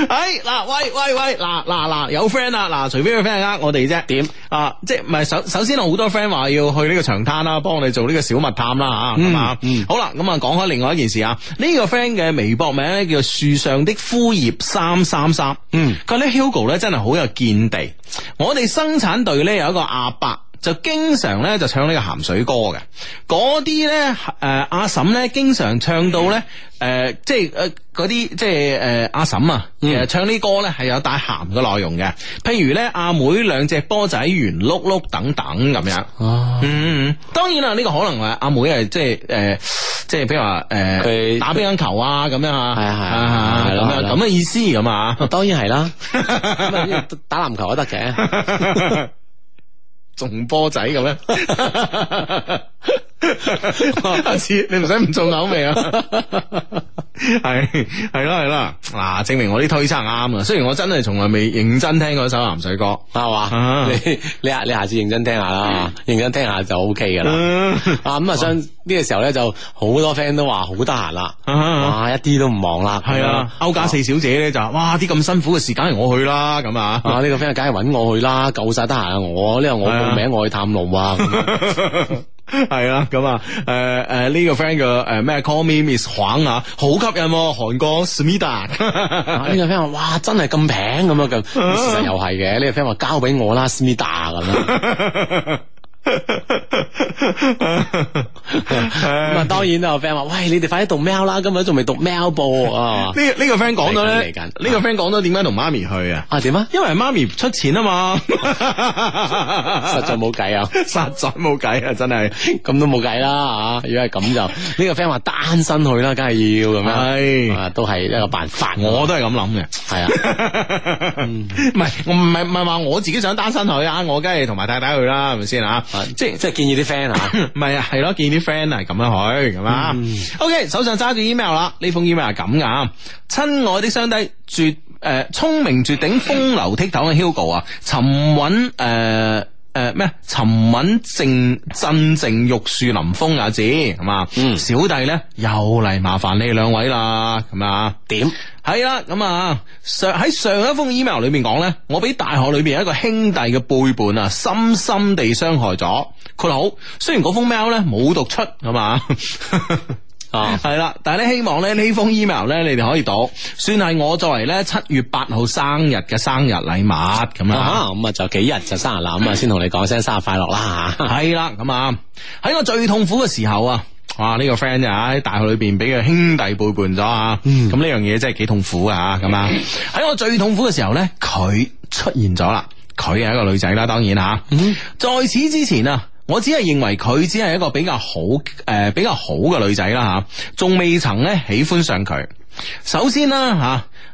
哎 嗱，喂喂喂，嗱嗱嗱，有 friend 啊嗱，除非個 friend 呃我哋啫點啊，即係唔係首首先好多 friend 話要去呢個長灘啦，幫我哋做呢個小物探啦吓，咁啊。嘛，好啦咁啊講開另外一件事啊，呢個 friend 嘅微博名叫做樹上的枯葉三三三，嗯，佢咧 hugo 咧真係好有見地，我哋生產隊咧有一個阿伯。就經常咧就唱呢個鹹水歌嘅，嗰啲咧誒阿嬸咧經常唱到咧誒、呃、即係誒嗰啲即係誒、呃、阿嬸啊，誒、嗯、唱呢歌咧係有帶鹹嘅內容嘅，譬如咧阿妹兩隻波仔圓碌碌等等咁樣。啊、嗯，當然啦，呢、呢個可能阿阿妹係、呃、即係誒即係譬如話誒佢打乒乓球啊咁樣啊，係啊係啊係啦咁嘅意思咁啊，當然係啦，打籃球都得嘅。籃仲波仔咁咧？下次你唔使唔重口味啊，係係咯，係咯，嗱證明我啲推測啱啊！雖然我真係從來未認真聽過首鹹水歌，係嘛？你你下你下次認真聽下啦，認真聽下就 OK 噶啦。啊咁啊，上呢個時候咧就好多 friend 都話好得閒啦，哇一啲都唔忙啦。係啊，歐家四小姐咧就哇啲咁辛苦嘅事，梗係我去啦，咁啊呢個 friend 梗係揾我去啦，夠晒得閒啊！我呢個我報名我去探路啊！係、嗯呃這個呃、啊，咁啊，誒誒呢個 friend 嘅誒咩 call me Miss 韓啊，好吸引，韓國 Smita 呢個 friend 話，哇真係咁平咁啊，咁事實又係嘅，呢、這個 friend 話交俾我啦，Smita 咁啊。 咁啊， 當然啦！個 friend 話喂，你哋快啲讀 mail 啦，今日仲未讀 mail 噃啊！呢呢、呢個 friend 講咗咧，呢、呢個 friend 講咗點解同媽咪去啊？啊點啊？因為媽咪出錢啊嘛， 實在冇計啊，實在冇計啊，真係咁都冇計啦吓！如果係咁就呢 個 friend 話單身去啦，梗係要咁樣，哎、啊都係一個辦法，我都係咁諗嘅，係啊，唔係唔係唔係話我自己想單身去啊？我梗係同埋太太去啦，係咪先啊？即即係建議啲 friend 啊，唔係 啊，係咯，建議啲 friend、嗯 okay, 呃、啊，咁樣去，咁、呃、啊。O K，手上揸住 email 啦，呢封 email 係咁噶，親愛的上帝，絕誒聰明絕頂、風流倜儻嘅 Hugo 啊，尋穩誒。誒咩、呃？沉穩正真正玉樹臨風雅字，係嘛？嗯、小弟咧又嚟麻煩你兩位啦，係嘛？點係啦？咁啊上喺上一封 email 裏面講咧，我俾大學裏邊有一個兄弟嘅背叛啊，深深地傷害咗佢好，雖然嗰封 mail 咧冇讀出，係嘛？ 啊，係啦，但係咧希望咧呢封 email 咧，你哋可以讀，算係我作為咧七月八號生日嘅生日禮物咁啦。咁啊哈就幾日就生日啦，咁啊先同你講聲生日快樂啦吓。係啦， 咁啊喺我最痛苦嘅時候啊，哇呢、這個 friend 啊喺大學裏邊俾佢兄弟背叛咗啊，咁呢樣嘢真係幾痛苦啊。咁啊喺我最痛苦嘅時候咧，佢出現咗啦，佢係一個女仔啦，當然吓。嗯、在此之前啊。我只係認為佢只係一個比較好誒、呃，比較好嘅女仔啦吓，仲未曾咧喜歡上佢。首先啦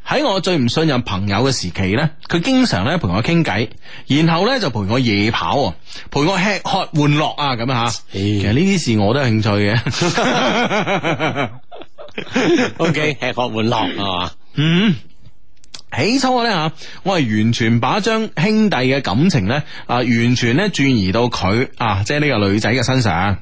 吓，喺、啊、我最唔信任朋友嘅時期咧，佢經常咧陪我傾偈，然後咧就陪我夜跑啊，陪我吃喝玩樂啊咁吓。其實呢啲事我都係興趣嘅。 o、okay, K，吃喝玩樂啊。 嗯。起初咧吓，我係完全把張兄弟嘅感情咧啊，完全咧轉移到佢啊，即係呢個女仔嘅身上。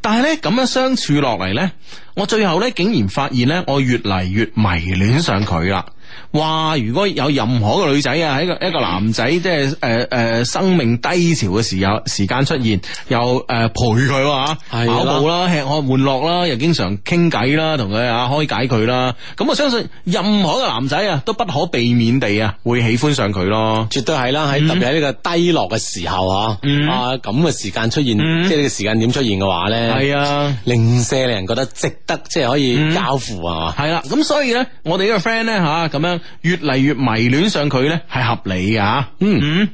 但係咧咁樣相處落嚟，咧，我最後咧竟然發現咧，我越嚟越迷戀上佢啦。話如果有任何嘅女仔啊，喺一個一個男仔即係誒誒生命低潮嘅時候時間出現，又誒陪佢啊，跑步啦，吃喝玩樂啦，又經常傾偈啦，同佢啊開解佢啦，咁我相信任何嘅男仔啊都不可避免地啊會喜歡上佢咯，絕對係啦，喺特別喺呢個低落嘅時候，嗯、啊啊咁嘅時間出現，嗯、即係呢個時間點出現嘅話咧，係啊、嗯，令舍令人覺得值得，即、就、係、是、可以交付啊嘛，係啦、嗯，咁所以咧，我哋呢個 friend 咧吓咁樣。越嚟越迷戀上佢呢，係合理嘅吓。嗯，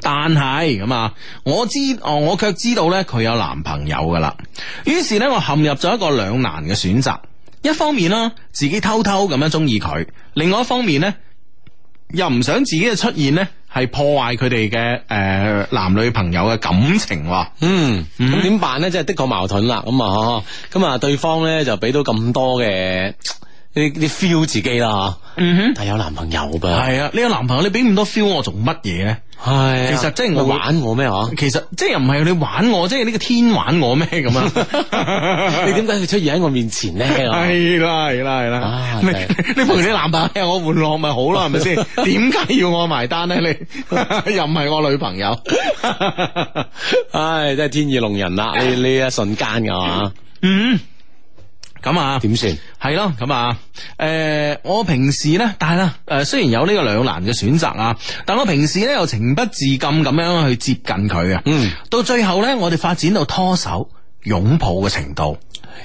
但係咁啊，我知哦，我卻知道呢，佢有男朋友噶啦。於是呢，我陷入咗一個兩難嘅選擇。一方面啦，自己偷偷咁樣中意佢，另外一方面呢，又唔想自己嘅出現呢係破壞佢哋嘅誒男女朋友嘅感情。嗯，咁點辦呢？即係的確矛盾啦。咁啊，咁啊，對方呢就俾到咁多嘅。你你 feel 自己啦吓，但有男朋友噃，係啊，你有男朋友，你俾咁多 feel 我做乜嘢咧？係，其實即係我玩我咩吓？其實即係又唔係你玩我，即係呢個天玩我咩咁啊？你點解會出現喺我面前咧？係啦係啦係啦，你你陪你男朋友，我玩樂，咪好咯，係咪先？點解要我埋單咧？你又唔係我女朋友，唉，真係天意弄人啦！呢呢一瞬間嘅嘛。嗯。咁啊，點算？係咯，咁啊，誒，我平時咧，但係咧，誒，雖然有呢個兩難嘅選擇啊，但我平時咧又情不自禁咁樣去接近佢啊。嗯，到最後咧，我哋發展到拖手擁抱嘅程度。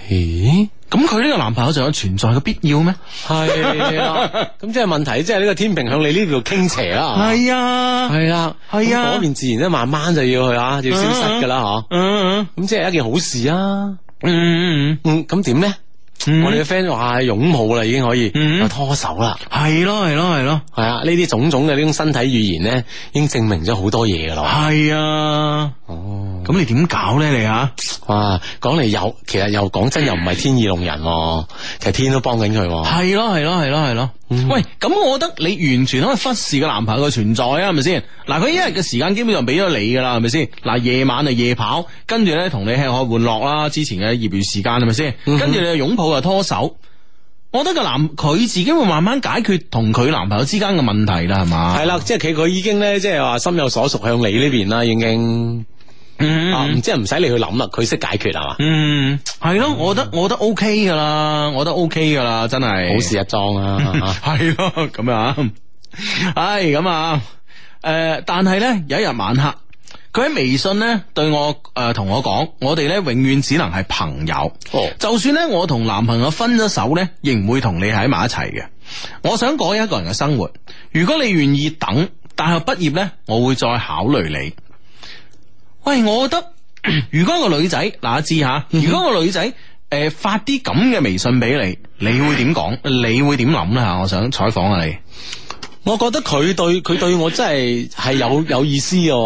咦？咁佢呢個男朋友仲有存在嘅必要咩？係啊，咁即係問題，即係呢個天平向你呢度傾斜啦。係啊，係啊，係啊，嗰邊自然咧慢慢就要去啊，要消失噶啦，嗬。咁即係一件好事啊。嗯嗯嗯，咁點咧？嗯、我哋嘅 friend 話擁抱啦，已經可以有、嗯、拖手啦，係咯係咯係咯，係啊！呢啲種種嘅呢種身體語言咧，已經證明咗好多嘢噶啦，係啊的，哦，咁你點搞咧你啊？哇，講嚟又其實又講真又唔係天意弄人， 其實天都幫緊佢，係咯係咯係咯係咯。喂，咁我覺得你完全可以忽視個男朋友嘅存在啊，係咪先？嗱，佢一日嘅時間基本上俾咗你噶啦，係咪先？嗱，夜晚啊夜跑，跟住咧同你吃喝玩樂啦，之前嘅業餘時間係咪先？跟住、嗯、哼你又擁抱又拖手，我覺得個男佢自己會慢慢解決同佢男朋友之間嘅問題啦，係嘛？係啦，即係佢佢已經咧，即係話心有所屬向你呢邊啦，已經。嗯、啊，即係唔使你去諗啦，佢識解決係嘛？嗯，係咯，我覺得我覺得 OK 噶啦，我覺得 OK 噶啦、OK，真係好事一樁啊！係咯， 咁樣、， 哎、樣啊，唉，咁啊，誒，但係咧有一日晚黑，佢喺微信咧對我誒同、呃、我講，我哋咧永遠只能係朋友，哦、就算咧我同男朋友分咗手咧，仍唔會同你喺埋一齊嘅。我想過一個人嘅生活，如果你願意等大學畢業咧，我會再考慮你。喂，我覺得如果個女仔，嗱，你知吓，如果個女仔，誒、 呃，發啲咁嘅微信俾你，你會點講？ 你會點諗咧？吓，我想採訪下你。我覺得佢對佢對我真係係有有意思嘅，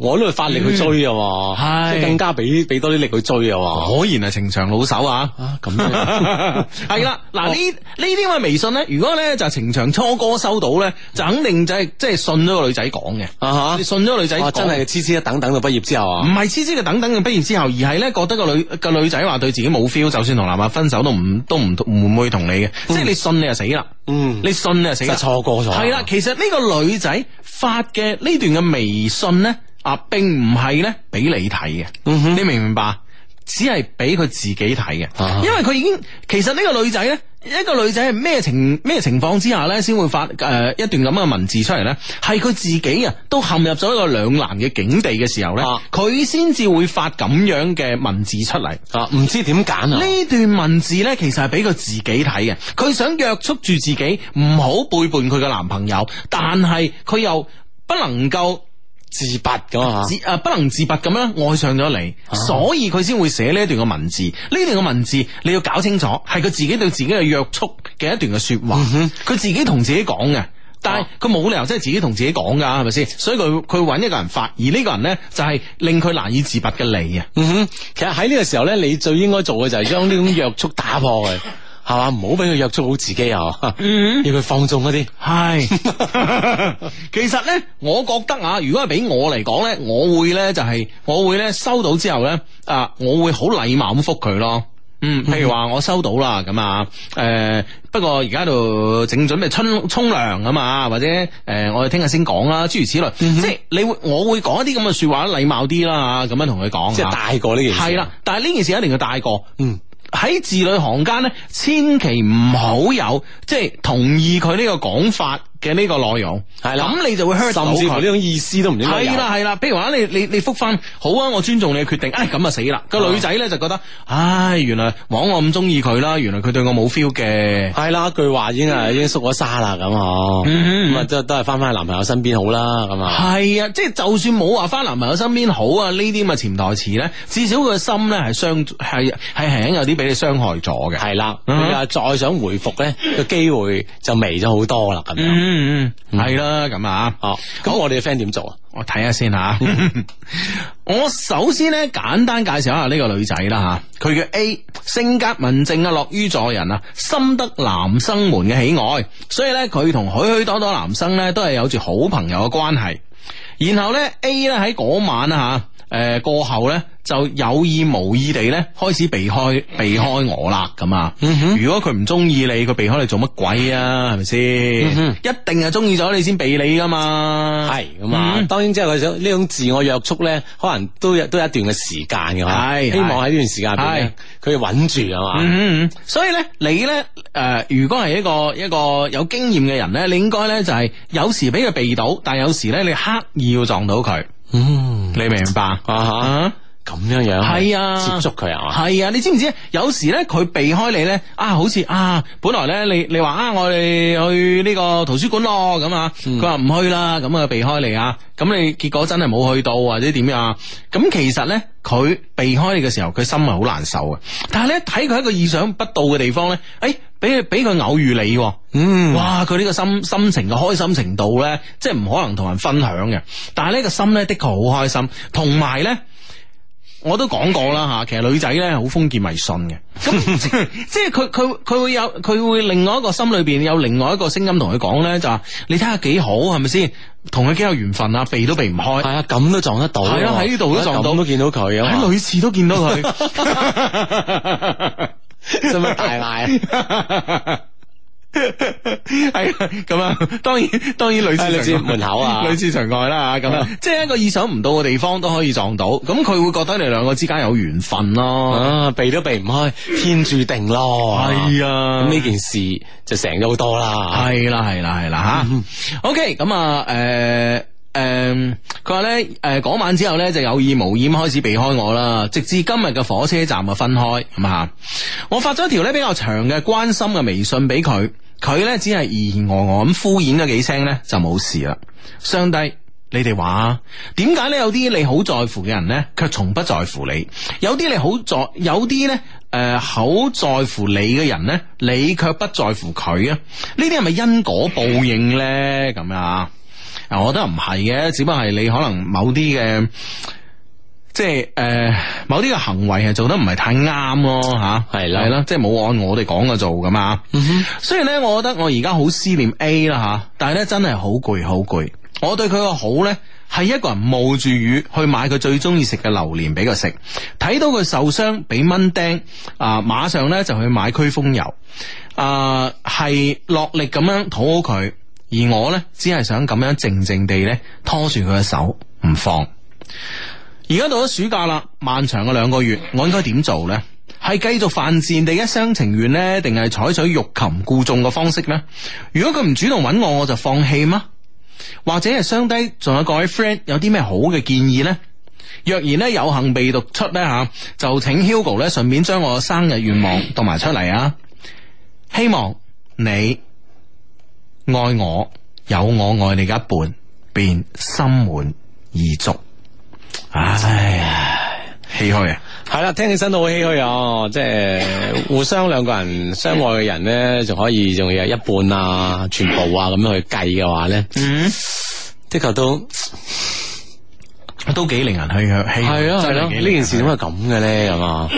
我都係發力去追嘅，係即係更加俾俾多啲力去追嘅。果然係情場老手啊！啊咁樣係啦，嗱呢呢啲咁嘅微信咧，如果咧就情場初哥收到咧，就肯定就係即係信咗個女仔講嘅啊！你信咗個女仔，真係黐黐一等等到畢業之後啊？唔係黐黐一等等到畢業之後，而係咧覺得個女個女仔話對自己冇 feel，就算同男朋友分手都唔都唔唔會同你嘅，即係你信你就死啦！嗯，你信你就死，錯過咗。嗱，其實，呢個女仔發嘅呢段嘅微信咧，啊並唔係咧俾你睇嘅，嗯哼，你明唔明白？只係俾佢自己睇嘅，因為佢已經其實呢個女仔呢，一個女仔係咩情咩情況之下呢？先會發誒、呃、一段咁嘅文字出嚟呢？係佢自己啊，都陷入咗一個兩難嘅境地嘅時候呢，佢先至會發咁樣嘅文字出嚟啊！唔知點揀啊？呢段文字呢，其實係俾佢自己睇嘅，佢想約束住自己，唔好背叛佢嘅男朋友，但係佢又不能夠。自拔噶啊，啊不能自拔咁樣愛上咗你，啊、所以佢先會寫呢一段嘅文字。呢、啊、段嘅文字你要搞清楚，係佢自己對自己嘅約束嘅一段嘅說話，佢、嗯、哼自己同自己講嘅。但係佢冇理由真係自己同自己講噶，係咪先？所以佢佢搵一個人發，而呢個人呢，就係、是、令佢難以自拔嘅你啊。嗯哼，其實喺呢個時候呢，你最應該做嘅就係將呢種約束打破佢。 係嘛，唔好俾佢約束好自己啊！要佢、嗯、哼放縱嗰啲，係唉。 其實咧，我覺得啊，如果係俾我嚟講咧，我會咧就係、是，我會咧收到之後咧，啊，我會好禮貌咁覆佢咯。嗯，譬如話我收到啦，咁啊，誒、呃，不過而家度正準備沖沖涼啊嘛，或者誒、呃，我哋聽日先講啦，諸如此類。嗯、哼即係你會，我會講一啲咁嘅說話禮貌啲啦，吓咁樣同佢講，即係大過呢件事。係啦，但係呢件事一定要大過，嗯。喺字裏行間咧，千祈唔好有即係同意佢呢個講法。嘅呢個內容係啦，咁的你就會 hurt，甚至乎呢種意思都唔應該有。係啦係啦，譬如話你你你復翻好啊，我尊重你嘅決定。唉，咁啊死啦！的個女仔咧就覺得，唉，原來枉我咁中意佢啦，原來佢對我冇 feel 嘅。係啦，一句話已經係已經縮咗沙啦咁嗬。咁啊，即都係翻翻男朋友身邊好啦咁啊。係啊，即係就算冇話翻男朋友身邊好啊，呢啲咪潛台詞咧，至少佢個心咧係傷係係係有啲俾你傷害咗嘅。係啦，你啊的，再想回覆咧，個機會就微咗好多啦咁。嗯嗯，係啦咁啊，哦，咁我哋嘅 friend 點做啊？我睇下先吓， 我首先咧簡單介紹一下呢個女仔啦吓，佢嘅 A 性格文靜啊，樂於助人啊，深得男生們嘅喜愛，所以咧佢同許許多多男生咧都係有住好朋友嘅關係。然後咧 A 咧喺嗰晚啊吓，誒、呃、過後咧。就有意無意地咧，開始避開避開我啦，咁啊。嗯、哼如果佢唔中意你，佢避開你做乜鬼啊？係咪先？嗯、哼一定係中意咗你先避你噶嘛。係咁啊。當然，即係佢想呢種自我約束咧，可能都有都有一段嘅時間噶吓。嗯、哼希望喺呢段時間佢要穩住啊嘛。嗯、哼所以咧，你咧誒，如果係一個一個有經驗嘅人咧，你應該咧就係有時俾佢避到，但係有時咧你刻意要撞到佢。嗯哼，你明白啊？吓？ 咁樣樣係啊，接觸佢係係啊，你知唔知？有時咧，佢避開你咧，啊，好似啊，本來咧，你你話啊，我哋去呢個圖書館咯，咁啊，佢話唔去啦，咁啊避開你啊，咁你結果真係冇去到或者點樣？咁、啊、其實咧，佢避開你嘅時候，佢心係好難受啊。但係你睇佢喺個意想不到嘅地方咧，誒、欸，俾俾佢偶遇你，嗯、啊，哇，佢呢個心心情嘅開心程度咧，即係唔可能同人分享嘅。但係呢個心咧的確好開心，同埋咧。我都講過啦，吓，其實女仔咧好封建迷信嘅，咁即係佢佢佢會有佢會另外一個心裏邊有另外一個聲音同佢講咧，就話、是、你睇下幾好係咪先，同佢幾有緣分啊，避都避唔開，係啊、哎，咁都撞，撞得到，係啊，喺呢度都撞到，都見到佢，喺女廁都見到佢，真咪大賣啊！係 啊，咁啊，當然當然類似，女士門口啊，女士除外啦咁樣，啊、即係一個意想唔到嘅地方都可以撞到，咁佢會覺得你兩個之間有緣分咯、啊啊，避都避唔開，天注定咯，係啊，呢、啊、件事就成咗好多啦，係啦係啦係啦吓，OK，咁啊，誒誒，佢話咧，誒嗰晚之後咧就有意無意開始避開我啦，直至今日嘅火車站啊分開，咁啊，我發咗一條咧比較長嘅關心嘅微信俾佢。佢呢只係疑疑我我咁敷衍咗幾聲呢，就冇事啦。上帝，你哋話點解呢？有啲你好在乎嘅人呢，卻從不在乎你？有啲你好在，有啲呢誒好、呃、在乎你嘅人呢，你卻不在乎佢啊？呢啲係咪因果報應呢？咁啊？啊，我覺得唔係嘅，只不過係你可能某啲嘅。即係、呃、某啲嘅行為係做得唔係太啱咯，吓係啦，係啦的，即係冇按我哋講嘅做㗎嘛。嗯、哼雖然呢，我覺得我而家好思念 A 啦吓，但係呢，真係好攰，好攰。我對佢個好呢，係一個人冒住雨去買佢最中意食嘅榴蓮俾佢食，睇到佢受傷俾蚊叮啊、呃，馬上呢就去買驅風油啊，係、呃、落力咁樣討好佢，而我呢，只係想咁樣靜靜地呢，拖住佢嘅手唔放。而家到咗暑假啦，漫長嘅兩個月，我應該點做咧？係繼續犯賤定一廂情願咧，定係採取欲擒故縱嘅方式咧？如果佢唔主動揾我，我就放棄嗎？或者係雙低？仲有各位 friend 有啲咩好嘅建議咧？若然咧有幸被讀出咧吓，就請 Hugo 咧順便將我嘅生日願望讀埋出嚟啊！希望你愛我，有我愛你嘅一半，便心滿意足。唉，唏噓啊！係啦，聽起身都好唏噓哦、啊。即係互相兩個人相愛嘅人咧，仲可以仲要有一半啊、全部啊咁樣去計嘅話咧，嗯、的確都都幾令人去唏噓。係啊，係咯了，呢件事點解咁嘅咧？咁啊？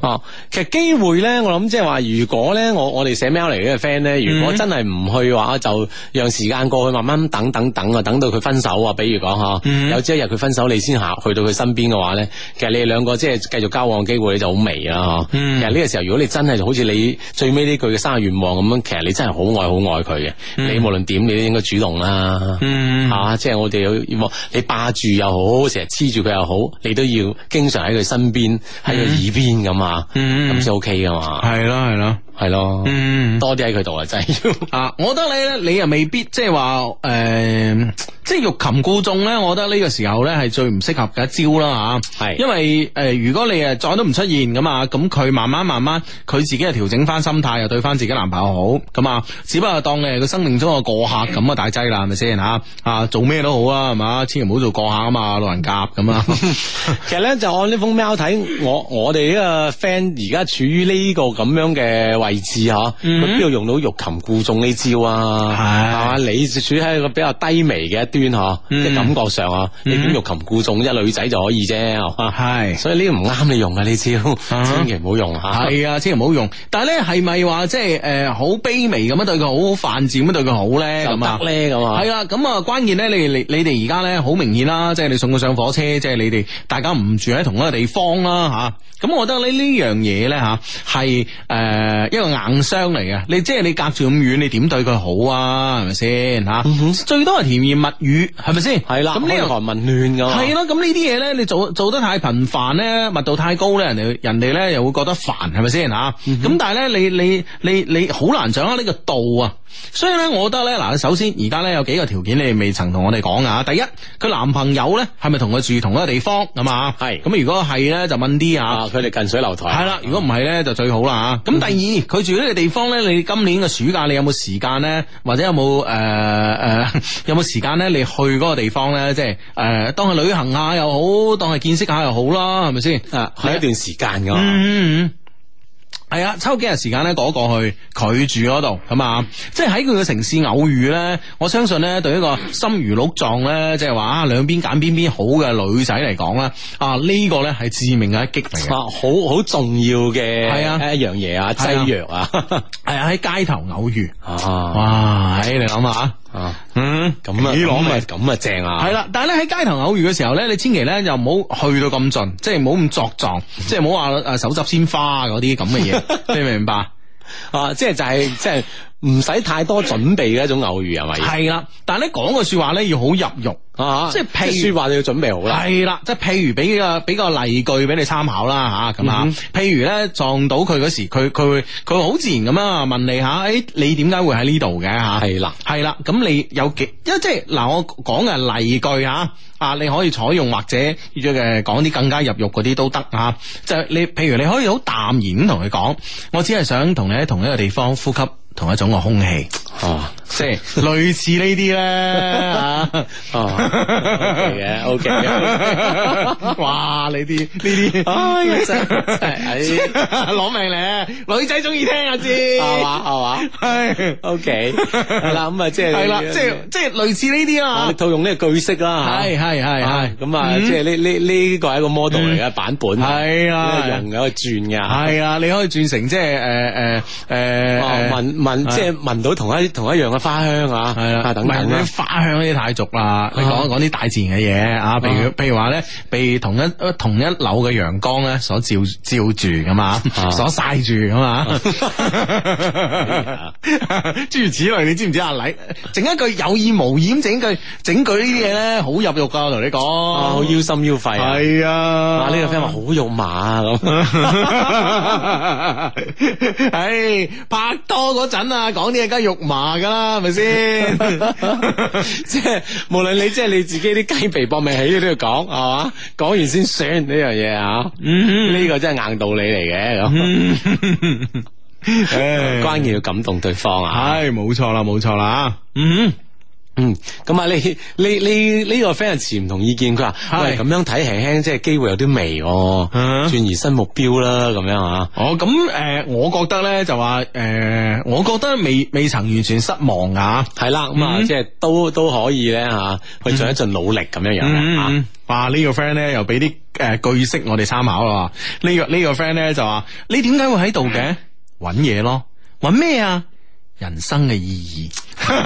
哦，其實機會咧，我諗即係話，如果咧，我我哋寫 mail 嚟呢個 friend 咧，如果真係唔去嘅話，就讓時間過去，慢慢等等等啊，等到佢分手啊，比如講吓，哦嗯、有朝一日佢分手，你先行去到佢身邊嘅話咧，其實你哋兩個即係繼續交往機會你就好微啦吓。哦嗯、其實呢個時候，如果你真係好似你最尾呢句嘅生日願望咁樣，其實你真係好愛好愛佢嘅，嗯、你無論點你都應該主動啦，吓、嗯，即係、啊就是、我哋要，你霸住又好，成日黐住佢又好，你都要經常喺佢身邊，喺佢耳邊咁啊。嗯啊，咁先 OK 噶嘛？係咯，係咯，係咯的，的嗯，多啲喺佢度啊，真係要啊！ 我覺得你咧，你又未必即係話誒。就是即係欲擒故縱咧，我覺得呢個時候咧係最唔適合嘅一招啦吓。係是，因為誒、呃，如果你誒再都唔出現咁啊，咁佢慢慢慢慢，佢自己又調整翻心態，又對翻自己男朋友好，咁啊，只不過當你係個生命中嘅過客咁啊、嗯、大劑啦，係咪先吓？啊，做咩都好啊，係嘛，千祈唔好做過客啊嘛，老人家咁啊。 其實咧就按呢封 mail 睇，我我哋呢個 friend 而家處於呢個咁樣嘅位置嗬，佢邊度用到欲擒故縱呢招啊？係啊唉，你處喺一個比較低微嘅一遠嗬，即係、嗯、感覺上嗬，嗯、你點欲擒故縱一女仔就可以啫，係、啊、所以呢個唔啱你用嘅呢招，啊、千祈唔好用吓。係啊，千祈唔好用。 但係咧，係咪話即係誒，好卑微咁樣對佢，對好好犯賤咁對佢好咧？就得咧咁啊？係啦，咁啊，關鍵咧，你你你哋而家咧好明顯啦，即係你送佢上火車，即、就、係、是、你哋大家唔住喺同一個地方啦吓。咁、啊、我覺得呢呢樣嘢咧吓，係誒一個硬傷嚟嘅。你即係你隔住咁遠，你點對佢好啊？係咪先吓？最多係甜言蜜語。係咪先係啦？咁呢個寒民亂噶，係咯？咁呢啲嘢咧，你做做得太頻繁咧，密度太高咧，人哋人哋咧又會覺得煩，係咪先吓？咁、嗯、哼但係咧，你你你你好難掌握呢個度啊！所以咧，我覺得咧，嗱，首先而家咧有幾個條件，你未曾同我哋講啊。第一，佢男朋友咧係咪同佢住同一個地方？係嘛是？係咁，如果係咧，就問啲啊，佢哋近水樓台。係啦，如果唔係咧，就最好啦啊！咁、嗯、哼第二，佢住呢個地方咧，你今年嘅暑假你有冇時間咧？或者有冇誒誒有冇、呃、時間咧？ 去嗰個地方咧，即係誒，當係旅行下又好，當係見識下又好啦，係咪先？啊，係一段時間噶嘛。嗯，係啊，抽幾日時間咧，過一過去佢住嗰度，咁啊，即係喺佢嘅城市偶遇咧。我相信咧，對一個心如鹿撞咧，即係話兩邊揀邊邊好嘅女仔嚟講咧，啊呢個咧係致命嘅一擊嚟嘅，好好重要嘅係啊，一樣嘢啊，劑藥啊，係啊，喺街頭偶遇啊，哇，誒，你諗下。啊，嗯，咁啊，咁啊正啊，係啦，但係咧喺街頭偶遇嘅時候咧，你千祈咧又唔好去到咁盡，即係唔好咁作狀，嗯、即係唔好話誒手執鮮花嗰啲咁嘅嘢， 你明唔明白啊？即係就係即係。就係就係 唔使太多準備嘅一種偶遇係咪？係啦，但係咧，講個說話咧要好入肉啊，即係譬如說話你要準備好啦。係啦，即係譬如俾個俾個例句俾你參考啦吓咁啊。嗯、譬如咧撞到佢嗰時，佢佢會佢好自然咁啊問你吓，誒、哎，你點解會喺呢度嘅吓？係啦的，係啦，咁你有幾即係嗱？我講嘅例句吓啊，你可以採用或者誒講啲更加入肉嗰啲都得啊。就係、你譬如你可以好淡然咁同佢講，我只係想同你喺同一個地方呼吸。同一種嘅空氣，哦，即係類似呢啲咧嚇，哦嘅，OK，哇，呢啲呢啲，真真係攞命嚟，女仔中意聽啊，知係嘛？係嘛，係 OK，係啦，咁啊，即係係啦，即係即係類似呢啲我哋套用呢個句式啦，係係係，咁啊，即係呢呢呢個係一個 model 嚟嘅版本，係啊，人可以轉嘅，係啊，你可以轉成即係誒誒誒問問。即係聞到同一同一樣嘅花香啊！係啊，唔係啲花香啲太俗啦。你講一講啲大自然嘅嘢啊，譬如譬如話咧被同一同一樓嘅陽光咧所照照住咁啊，所曬住咁啊。諸如此類，你知唔知阿李整一句有意無掩整句整句呢啲嘢咧，好入肉噶，我同你講，好腰、啊、心腰肺啊，係啊，呢、啊這個 friend 話好肉麻咁。唉、啊 哎，拍拖陣。緊啊，講啲嘢梗係肉麻噶啦，係咪先？ 即係無論你即係你自己啲雞皮薄未起都要講，係嘛？講完先算呢樣嘢啊！呢個 mm hmm. 呢個真係硬道理嚟嘅，咁、啊，mm hmm. 關鍵要感動對方啊！係，冇錯啦，冇錯啦嗯。Mm hmm. 嗯，咁啊，你你你呢個 friend 持唔同意見，佢話喂咁喂樣睇輕輕，即係機會有啲微哦，轉、啊、移新目標啦，咁樣啊？哦，咁誒、呃，我覺得咧就話誒、呃，我覺得未未曾完全失望啊，係啦、嗯，咁啊，即係都都可以咧啊，去盡一盡努力咁、嗯、樣樣、嗯、啊。哇，這個、朋友呢個 friend 咧又俾啲誒句式我哋參考啦。呢、這個呢、這個 friend 咧就話，你點解會喺度嘅？搵嘢咯，搵咩啊？人生嘅意義，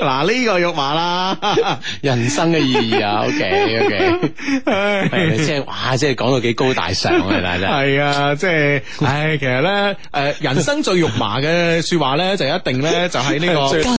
嗱呢個肉麻啦。人生嘅意義啊，OK OK，係 即係哇，即係講到幾高大上 啊，大家係啊，即係，唉，其實咧，誒、 呃，人生最肉麻嘅說話咧，就一定咧，就係、是、呢個。